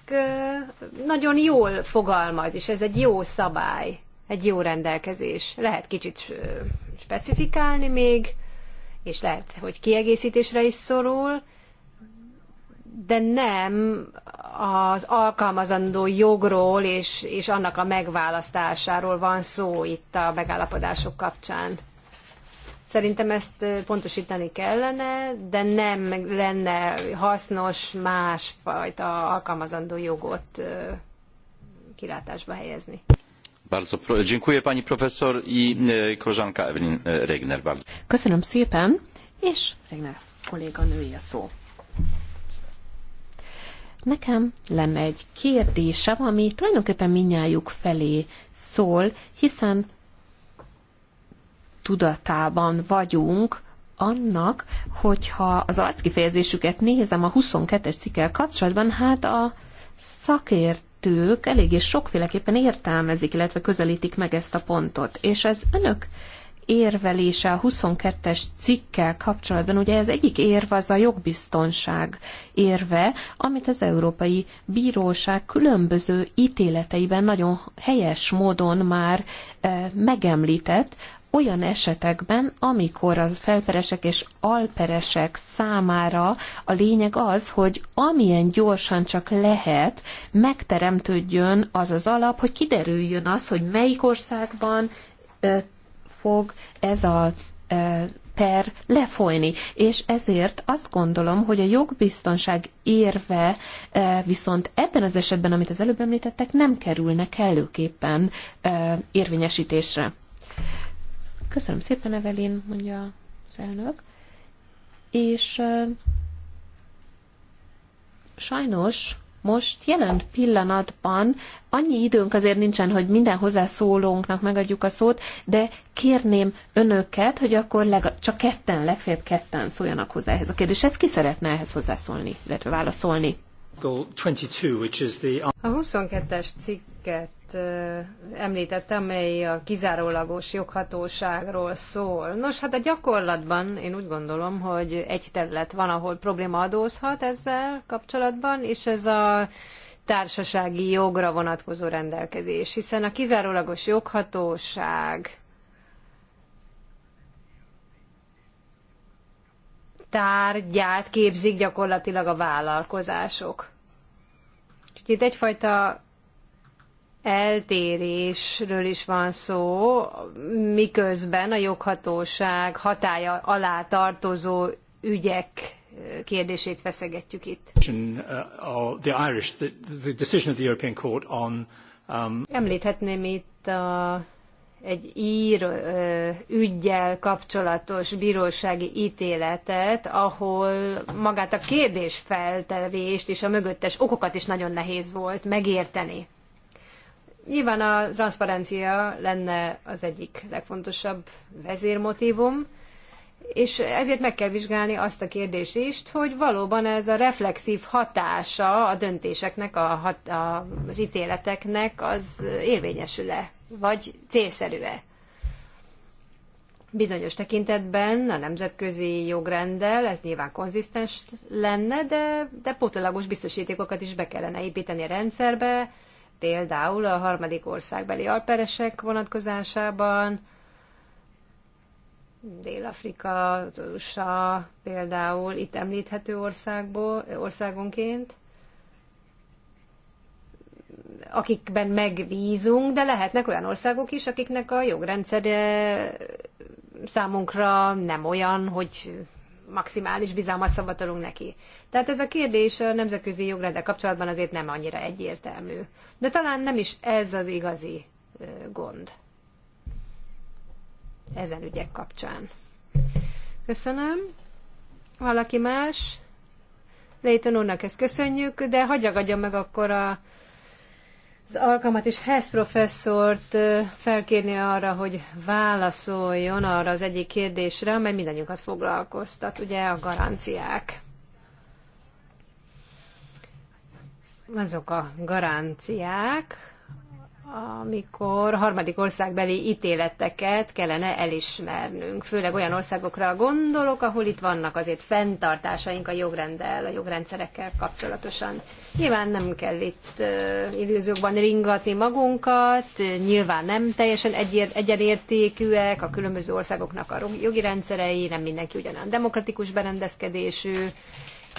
nagyon jól fogalmaz, és ez egy jó szabály, egy jó rendelkezés. Lehet kicsit specifikálni még, és lehet, hogy kiegészítésre is szorul, de nem az alkalmazandó jogról és, és annak a megválasztásáról van szó itt a megállapodások kapcsán. Szerintem ezt pontosítani kellene, de nem lenne hasznos másfajta alkalmazandó jogot kilátásba helyezni. Bardzo dziękuję pani profesor i e, koleżanka Evelyn e, Regner. Bardzo. Köszönöm szépen, és Regner a szó. Nekem lenne egy kérdésem, ami tulajdonképpen minnyájuk felé szól, hiszen tudatában vagyunk annak, hogyha az arckifejezésüket nézem a 22-es cikkel kapcsolatban, hát a szakértők eléggé sokféleképpen értelmezik, illetve közelítik meg ezt a pontot. És ez önök érvelése a 22-es cikkel kapcsolatban, ugye ez egyik érv az a jogbiztonság érve, amit az Európai Bíróság különböző ítéleteiben nagyon helyes módon már e, megemlített, olyan esetekben, amikor a felperesek és alperesek számára a lényeg az, hogy amilyen gyorsan csak lehet, megteremtődjön az az alap, hogy kiderüljön az, hogy melyik országban e, fog ez a e, per lefolyni. És ezért azt gondolom, hogy a jogbiztonság érve e, viszont ebben az esetben, amit az előbb említettek, nem kerülne kellőképpen e, érvényesítésre. Köszönöm szépen, Evelin, mondja az elnök. És sajnos most jelen pillanatban annyi időnk azért nincsen, hogy minden hozzászólónknak megadjuk a szót, de kérném önöket, hogy akkor legal- csak ketten, legfeljebb ketten szóljanak hozzá ehhez a kérdéshez. Ki szeretne ehhez hozzászólni, illetve válaszolni? A 22-es cikket említette, amely a kizárólagos joghatóságról szól. Nos, hát a gyakorlatban én úgy gondolom, hogy egy terület van, ahol probléma adózhat ezzel kapcsolatban, és ez a társasági jogra vonatkozó rendelkezés, hiszen a kizárólagos joghatóság tárgyát képzik gyakorlatilag a vállalkozások. Úgyhogy itt egyfajta eltérésről is van szó, miközben a joghatóság hatája alá tartozó ügyek eh, kérdését feszegetjük itt. Említhetném itt a egy ír ügyjel kapcsolatos bírósági ítéletet, ahol magát a kérdés és a mögöttes okokat is nagyon nehéz volt megérteni. Nyilván a transzparencia lenne az egyik legfontosabb vezérmotívum, és ezért meg kell vizsgálni azt a kérdést is, hogy valóban ez a reflexív hatása a döntéseknek, a, a, az ítéleteknek az érvényesül-e vagy célszerű-e? Bizonyos tekintetben a nemzetközi jogrendel ez nyilván konzisztens lenne, de, de potolagos biztosítékokat is be kellene építeni a rendszerbe, például a harmadik országbeli alperesek vonatkozásában, Dél-Afrika, USA például itt említhető országból, országonként akikben megbízunk, de lehetnek olyan országok is, akiknek a jogrendszere számunkra nem olyan, hogy maximális bizalmat szabadulunk neki. Tehát ez a kérdés a nemzetközi jogrendel kapcsolatban azért nem annyira egyértelmű. De talán nem is ez az igazi gond ezen ügyek kapcsán. Köszönöm. Valaki más? Léton úrnak ezt köszönjük, de hagyjagadjon meg akkor a az alkalmat, és Hess professzort felkérni arra, hogy válaszoljon arra az egyik kérdésre, amely mindannyiunkat foglalkoztat, ugye a garanciák. Azok a garanciák, amikor harmadik országbeli ítéleteket kellene elismernünk. Főleg olyan országokra gondolok, ahol itt vannak azért fenntartásaink a jogrendel, a jogrendszerekkel kapcsolatosan. Nyilván nem kell itt illúziókban ringatni magunkat, nyilván nem teljesen egyért, egyenértékűek a különböző országoknak a jogi rendszerei, nem mindenki ugyanolyan demokratikus berendezkedésű,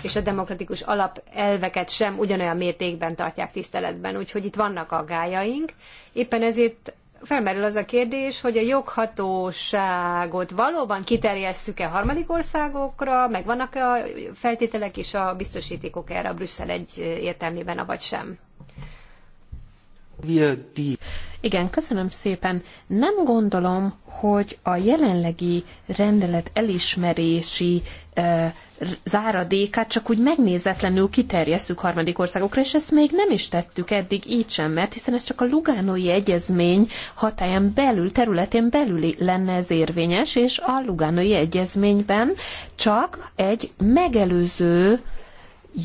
és a demokratikus alapelveket sem ugyanolyan mértékben tartják tiszteletben. Úgyhogy itt vannak aggájaink. Éppen ezért felmerül az a kérdés, hogy a joghatóságot valóban kiterjesszük-e harmadik országokra, meg vannak-e a feltételek és a biztosítékok erre a Brüsszel egy értelmében, avagy sem. Igen, köszönöm szépen. Nem gondolom, hogy a jelenlegi rendelet elismerési e, záradékát csak úgy megnézetlenül kiterjesszük harmadik országokra, és ezt még nem is tettük eddig így sem, mert hiszen ez csak a Lugánói Egyezmény hatáján belül, területén belül lenne ez érvényes, és a Lugánói Egyezményben csak egy megelőző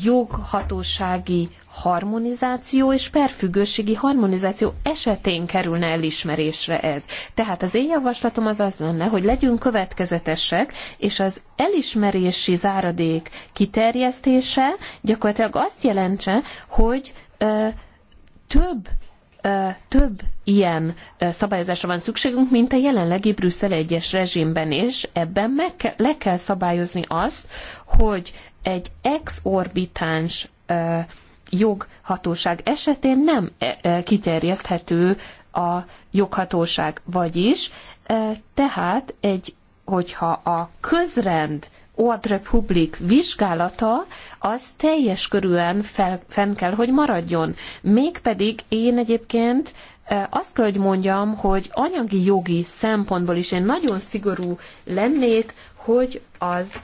joghatósági harmonizáció és perfüggőségi harmonizáció esetén kerülne elismerésre ez. Tehát az én javaslatom az az lenne, hogy legyünk következetesek, és az elismerési záradék kiterjesztése gyakorlatilag azt jelentse, hogy ö, több több ilyen szabályozásra van szükségünk, mint a jelenlegi Brüsszel egyes rezsimben, és ebben meg kell, le kell szabályozni azt, hogy egy exorbitáns joghatóság esetén nem kiterjeszthető a joghatóság, vagyis tehát egy, hogyha a közrend ordre public vizsgálata, az teljes körűen fel, fenn kell, hogy maradjon. Mégpedig én egyébként azt kell, hogy mondjam, hogy anyagi jogi szempontból is én nagyon szigorú lennék, hogy az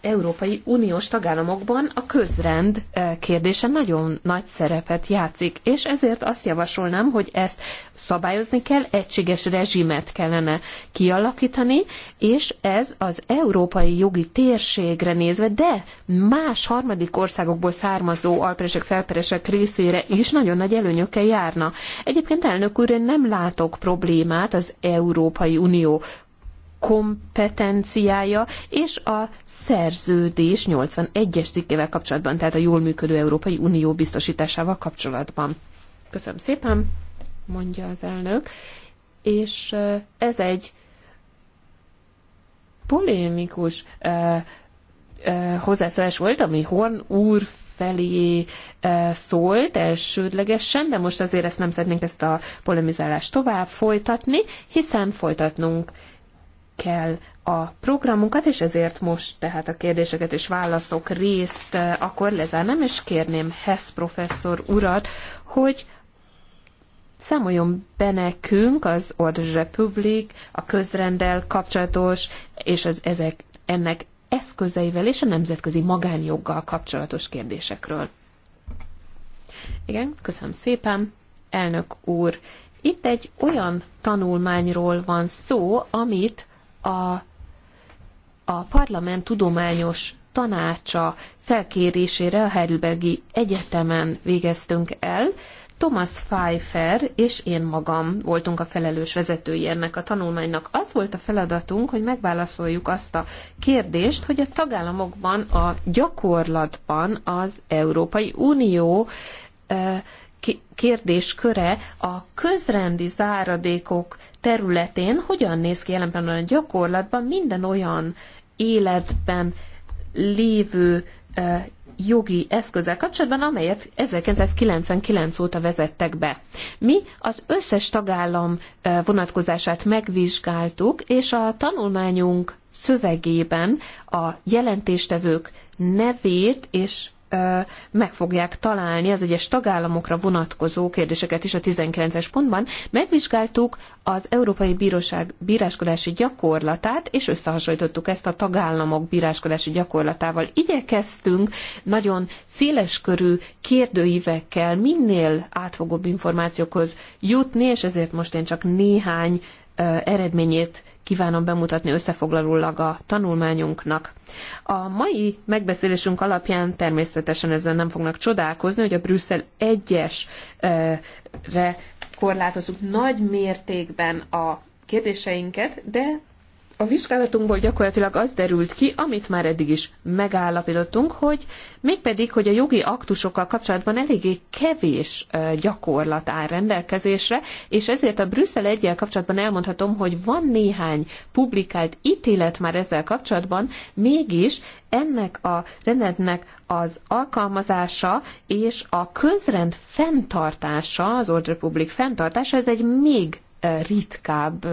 Európai Uniós tagállamokban a közrend kérdése nagyon nagy szerepet játszik, és ezért azt javasolnám, hogy ezt szabályozni kell, egységes rezsimet kellene kialakítani, és ez az európai jogi térségre nézve, de más harmadik országokból származó alperesek, felperesek részére is nagyon nagy előnyökkel járna. Egyébként elnök úr, én nem látok problémát az Európai Unió kompetenciája, és a szerződés 81-es cikkével kapcsolatban, tehát a jól működő Európai Unió biztosításával kapcsolatban. Köszönöm szépen, mondja az elnök. És eh, ez egy polémikus uh, eh, uh, eh, hozzászólás volt, ami Horn úr felé uh, szólt elsődlegesen, de most azért ezt nem szeretnénk ezt a polemizálást tovább folytatni, hiszen folytatnunk kell a programunkat, és ezért most tehát a kérdéseket és válaszok részt eh, akkor lezárnám, és kérném Hess professzor urat, hogy számoljon be nekünk az Order Republic, a közrendel kapcsolatos, és az ezek, ennek eszközeivel és a nemzetközi magánjoggal kapcsolatos kérdésekről. Igen, köszönöm szépen, elnök úr. Itt egy olyan tanulmányról van szó, amit a, a parlament tudományos tanácsa felkérésére a Heidelbergi Egyetemen végeztünk el. Thomas Pfeiffer és én magam voltunk a felelős vezetői ennek a tanulmánynak. Az volt a feladatunk, hogy megválaszoljuk azt a kérdést, hogy a tagállamokban, a gyakorlatban az Európai Unió eh, kérdésköre a közrendi záradékok területén hogyan néz ki jelen pillanatban a gyakorlatban minden olyan életben lévő jogi eszközzel kapcsolatban, amelyet 1999 óta vezettek be. Mi az összes tagállam vonatkozását megvizsgáltuk, és a tanulmányunk szövegében a jelentéstevők nevét és meg fogják találni az egyes tagállamokra vonatkozó kérdéseket is a 19-es pontban. Megvizsgáltuk az Európai Bíróság bíráskodási gyakorlatát, és összehasonlítottuk ezt a tagállamok bíráskodási gyakorlatával. Igyekeztünk nagyon széleskörű kérdőívekkel minél átfogóbb információkhoz jutni, és ezért most én csak néhány eredményét kívánom bemutatni összefoglalólag a tanulmányunknak. A mai megbeszélésünk alapján természetesen ezzel nem fognak csodálkozni, hogy a Brüsszel egyesre korlátozunk nagy mértékben a kérdéseinket, de a vizsgálatunkból gyakorlatilag az derült ki, amit már eddig is megállapítottunk, hogy mégpedig, hogy a jogi aktusokkal kapcsolatban eléggé kevés gyakorlat áll rendelkezésre, és ezért a Brüsszel egyel kapcsolatban elmondhatom, hogy van néhány publikált ítélet már ezzel kapcsolatban, mégis ennek a rendetnek az alkalmazása és a közrend fenntartása, az Old Republic fenntartása, ez egy még ritkább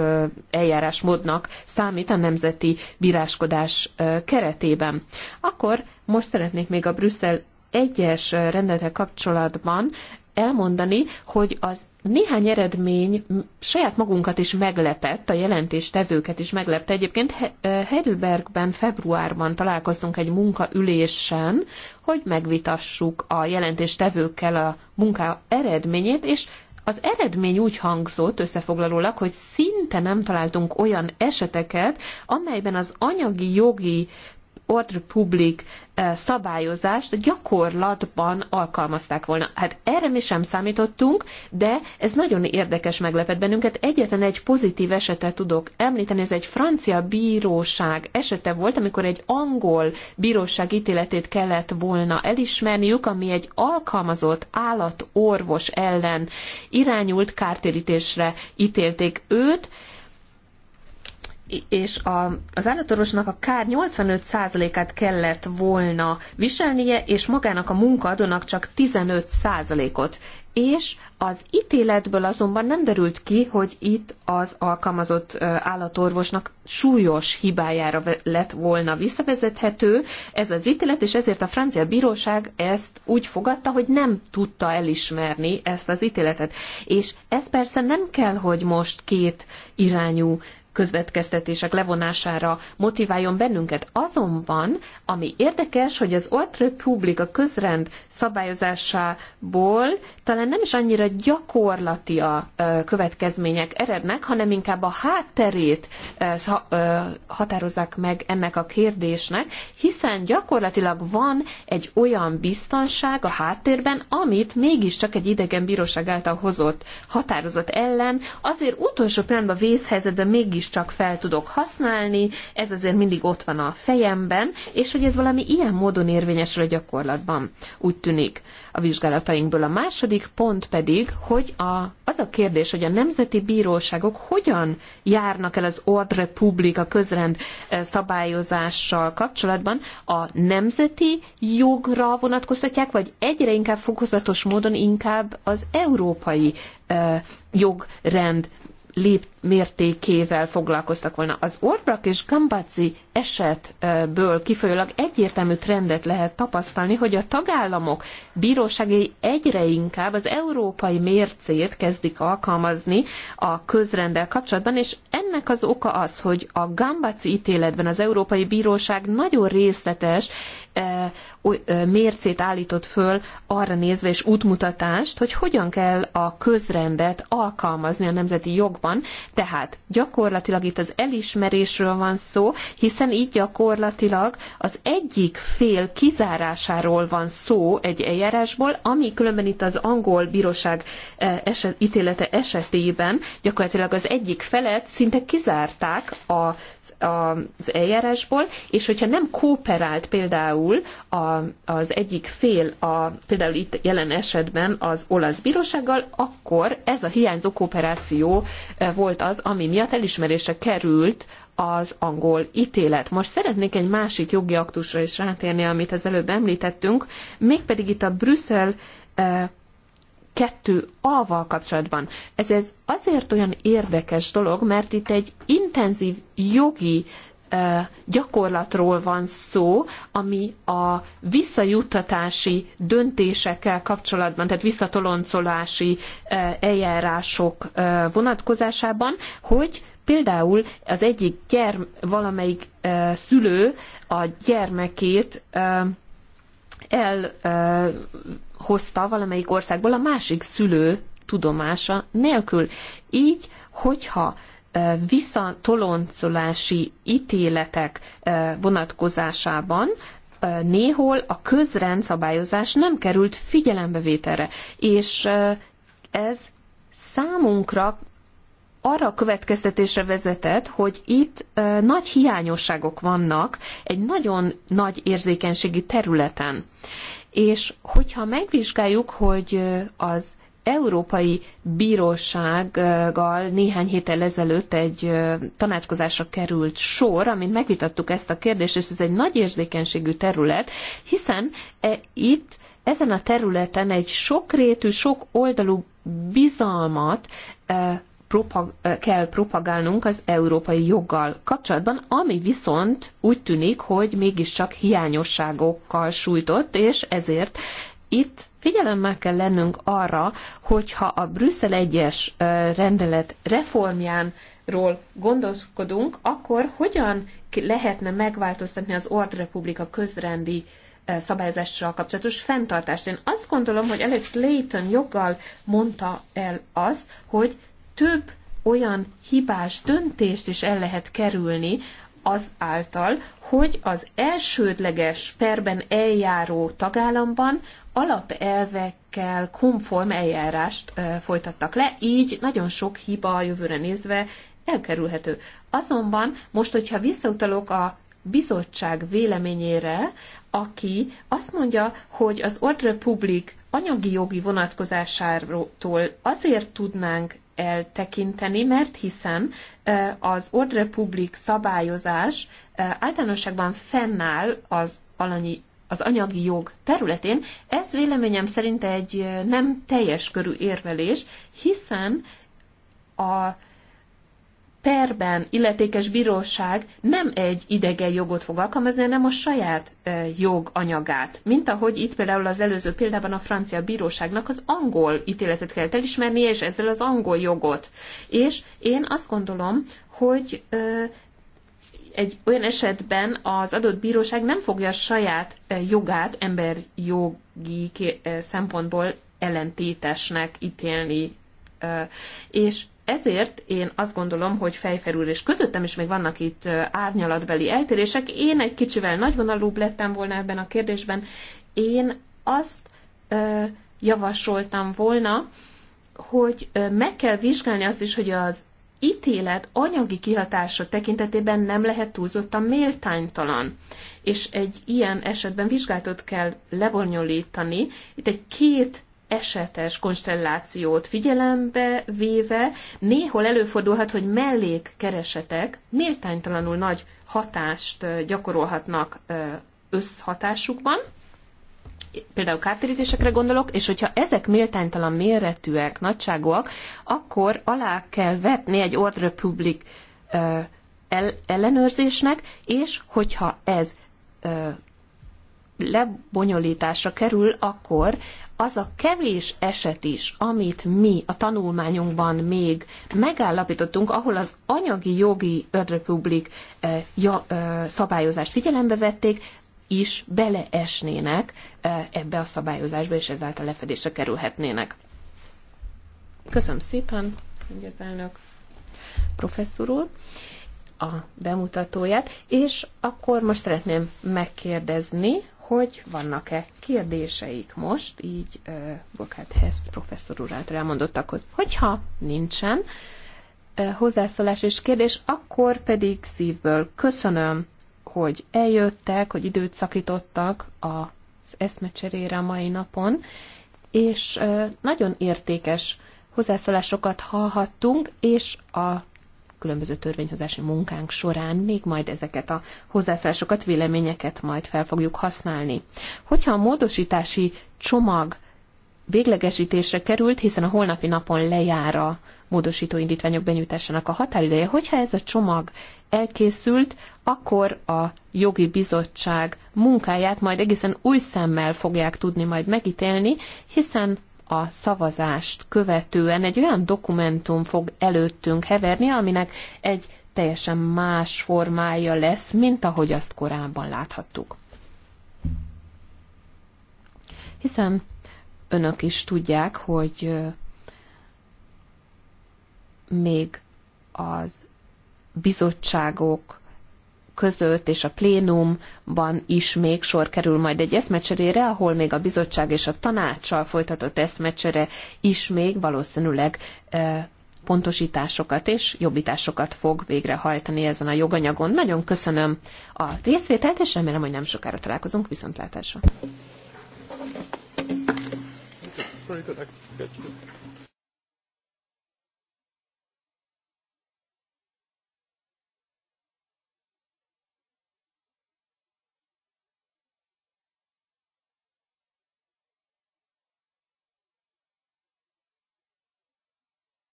eljárásmódnak számít a nemzeti bíráskodás keretében. Akkor most szeretnék még a Brüsszel egyes rendelete kapcsolatban elmondani, hogy az néhány eredmény saját magunkat is meglepett, a jelentéstevőket is meglepte. Egyébként Heidelbergben februárban találkoztunk egy munkaülésen, hogy megvitassuk a jelentéstevőkkel a munka eredményét, és az eredmény úgy hangzott összefoglalólag, hogy szinte nem találtunk olyan eseteket, amelyben az anyagi jogi ordre public eh, szabályozást gyakorlatban alkalmazták volna. Hát erre mi sem számítottunk, de ez nagyon érdekes meglepet bennünket. Egyetlen egy pozitív esetet tudok említeni, ez egy francia bíróság esete volt, amikor egy angol bíróság ítéletét kellett volna elismerniük, ami egy alkalmazott állatorvos ellen irányult kártérítésre ítélték őt, és a, az állatorvosnak a kár 85%-át kellett volna viselnie, és magának a munkaadónak csak 15%-ot. És az ítéletből azonban nem derült ki, hogy itt az alkalmazott állatorvosnak súlyos hibájára lett volna visszavezethető ez az ítélet, és ezért a francia bíróság ezt úgy fogadta, hogy nem tudta elismerni ezt az ítéletet. És ez persze nem kell, hogy most két irányú következtetések levonására motiváljon bennünket. Azonban, ami érdekes, hogy az Old Republic a közrend szabályozásából talán nem is annyira gyakorlati a következmények erednek, hanem inkább a hátterét határozzák meg ennek a kérdésnek, hiszen gyakorlatilag van egy olyan biztonság a háttérben, amit mégiscsak egy idegen bíróság által hozott határozat ellen, azért utolsó pillanatban vészhelyzetben mégis mégiscsak fel tudok használni, ez azért mindig ott van a fejemben, és hogy ez valami ilyen módon érvényesül a gyakorlatban, úgy tűnik a vizsgálatainkból. A második pont pedig, hogy a, az a kérdés, hogy a nemzeti bíróságok hogyan járnak el az ordre publica közrend eh, szabályozással kapcsolatban, a nemzeti jogra vonatkoztatják, vagy egyre inkább fokozatos módon inkább az európai eh, jogrend lép mértékével foglalkoztak volna. Az Orbrak és Gambazzi esetből kifolyólag egyértelmű trendet lehet tapasztalni, hogy a tagállamok bíróságai egyre inkább az európai mércét kezdik alkalmazni a közrendel kapcsolatban, és ennek az oka az, hogy a Gambazzi ítéletben az Európai Bíróság nagyon részletes eh, mércét állított föl arra nézve, és útmutatást, hogy hogyan kell a közrendet alkalmazni a nemzeti jogban. Tehát gyakorlatilag itt az elismerésről van szó, hiszen így gyakorlatilag az egyik fél kizárásáról van szó egy eljárásból, ami különben itt az angol bíróság eset, ítélete esetében gyakorlatilag az egyik felet szinte kizárták az, az eljárásból, és hogyha nem kooperált például a az egyik fél, a, például itt jelen esetben az olasz bírósággal, akkor ez a hiányzó kooperáció e, volt az, ami miatt elismerése került az angol ítélet. Most szeretnék egy másik jogi aktusra is rátérni, amit az előbb említettünk, mégpedig itt a Brüsszel e, kettő A-val kapcsolatban. Ez, ez azért olyan érdekes dolog, mert itt egy intenzív jogi uh, gyakorlatról van szó, ami a visszajuttatási döntésekkel kapcsolatban, tehát visszatoloncolási eljárások vonatkozásában, hogy például az egyik gyerm, valamelyik szülő a gyermekét elhozta valamelyik országból a másik szülő tudomása nélkül. Így, hogyha visszatoloncolási ítéletek vonatkozásában néhol a közrendszabályozás nem került figyelembevételre, és ez számunkra arra a következtetésre vezetett, hogy itt nagy hiányosságok vannak egy nagyon nagy érzékenységi területen. És hogyha megvizsgáljuk, hogy az Európai Bírósággal néhány héttel ezelőtt egy tanácskozásra került sor, amin megvitattuk ezt a kérdést, és ez egy nagy érzékenységű terület, hiszen e, itt ezen a területen egy sokrétű, sok oldalú bizalmat e, propag- kell propagálnunk az európai joggal kapcsolatban, ami viszont úgy tűnik, hogy mégiscsak hiányosságokkal sújtott, és ezért itt figyelemmel kell lennünk arra, hogyha a Brüsszel egyes rendelet reformjánról gondoskodunk, akkor hogyan lehetne megváltoztatni az Republika közrendi szabályozással kapcsolatos fenntartást. Én azt gondolom, hogy Alex Layton joggal mondta el azt, hogy több olyan hibás döntést is el lehet kerülni az által, hogy az elsődleges perben eljáró tagállamban alapelvekkel konform eljárást folytattak le, így nagyon sok hiba a jövőre nézve elkerülhető. Azonban most, hogyha visszautalok a bizottság véleményére, aki azt mondja, hogy az Ordre Public anyagi jogi vonatkozásától azért tudnánk eltekinteni, mert hiszen az Ordre Public szabályozás általánosságban fennáll az alanyi az anyagi jog területén, ez véleményem szerint egy nem teljes körű érvelés, hiszen a perben illetékes bíróság nem egy idegen jogot fog alkalmazni, hanem a saját joganyagát. Mint ahogy itt például az előző példában a francia bíróságnak az angol ítéletet kellett elismernie, és ezzel az angol jogot. És én azt gondolom, hogy egy olyan esetben az adott bíróság nem fogja saját jogát emberjogi szempontból ellentétesnek ítélni. És ezért én azt gondolom, hogy fejfelül és közöttem is még vannak itt árnyalatbeli eltérések, én egy kicsivel nagyvonalúbb lettem volna ebben a kérdésben, én azt javasoltam volna, hogy meg kell vizsgálni azt is, hogy az ítélet anyagi kihatása tekintetében nem lehet túlzottan méltánytalan. És egy ilyen esetben vizsgálatot kell lebonyolítani. Itt egy két esetes konstellációt figyelembe véve, néhol előfordulhat, hogy keresetek méltánytalanul nagy hatást gyakorolhatnak összhatásukban, például kártérítésekre gondolok, és hogyha ezek méltánytalan méretűek, nagyságúak, akkor alá kell vetni egy ordre public ellenőrzésnek, és hogyha ez lebonyolításra kerül, akkor az a kevés eset is, amit mi a tanulmányunkban még megállapítottunk, ahol az anyagi jogi ödrepublik szabályozást figyelembe vették, is beleesnének e, ebbe a szabályozásba, és ezáltal lefedésre kerülhetnének. Köszönöm szépen, mondja az elnök professzor úr a bemutatóját, és akkor most szeretném megkérdezni, hogy vannak-e kérdéseik most, így uh, e, Bokát Hess professzor úr által elmondottakhoz. Hogyha nincsen uh, hozzászólás és kérdés, akkor pedig szívből köszönöm hogy eljöttek, hogy időt szakítottak az eszmecserére a mai napon, és nagyon értékes hozzászólásokat hallhattunk, és a különböző törvényhozási munkánk során még majd ezeket a hozzászólásokat, véleményeket majd fel fogjuk használni. Hogyha a módosítási csomag véglegesítésre került, hiszen a holnapi napon lejár a módosító indítványok benyújtásának a határideje, hogyha ez a csomag elkészült, akkor a jogi bizottság munkáját majd egészen új szemmel fogják tudni majd megítélni, hiszen a szavazást követően egy olyan dokumentum fog előttünk heverni, aminek egy teljesen más formája lesz, mint ahogy azt korábban láthattuk. Hiszen önök is tudják, hogy még az bizottságok között és a plénumban is még sor kerül majd egy eszmecserére, ahol még a bizottság és a tanácssal folytatott eszmecsere is még valószínűleg pontosításokat és jobbításokat fog végrehajtani ezen a joganyagon. Nagyon köszönöm a részvételt, és remélem, hogy nem sokára találkozunk. Viszontlátásra!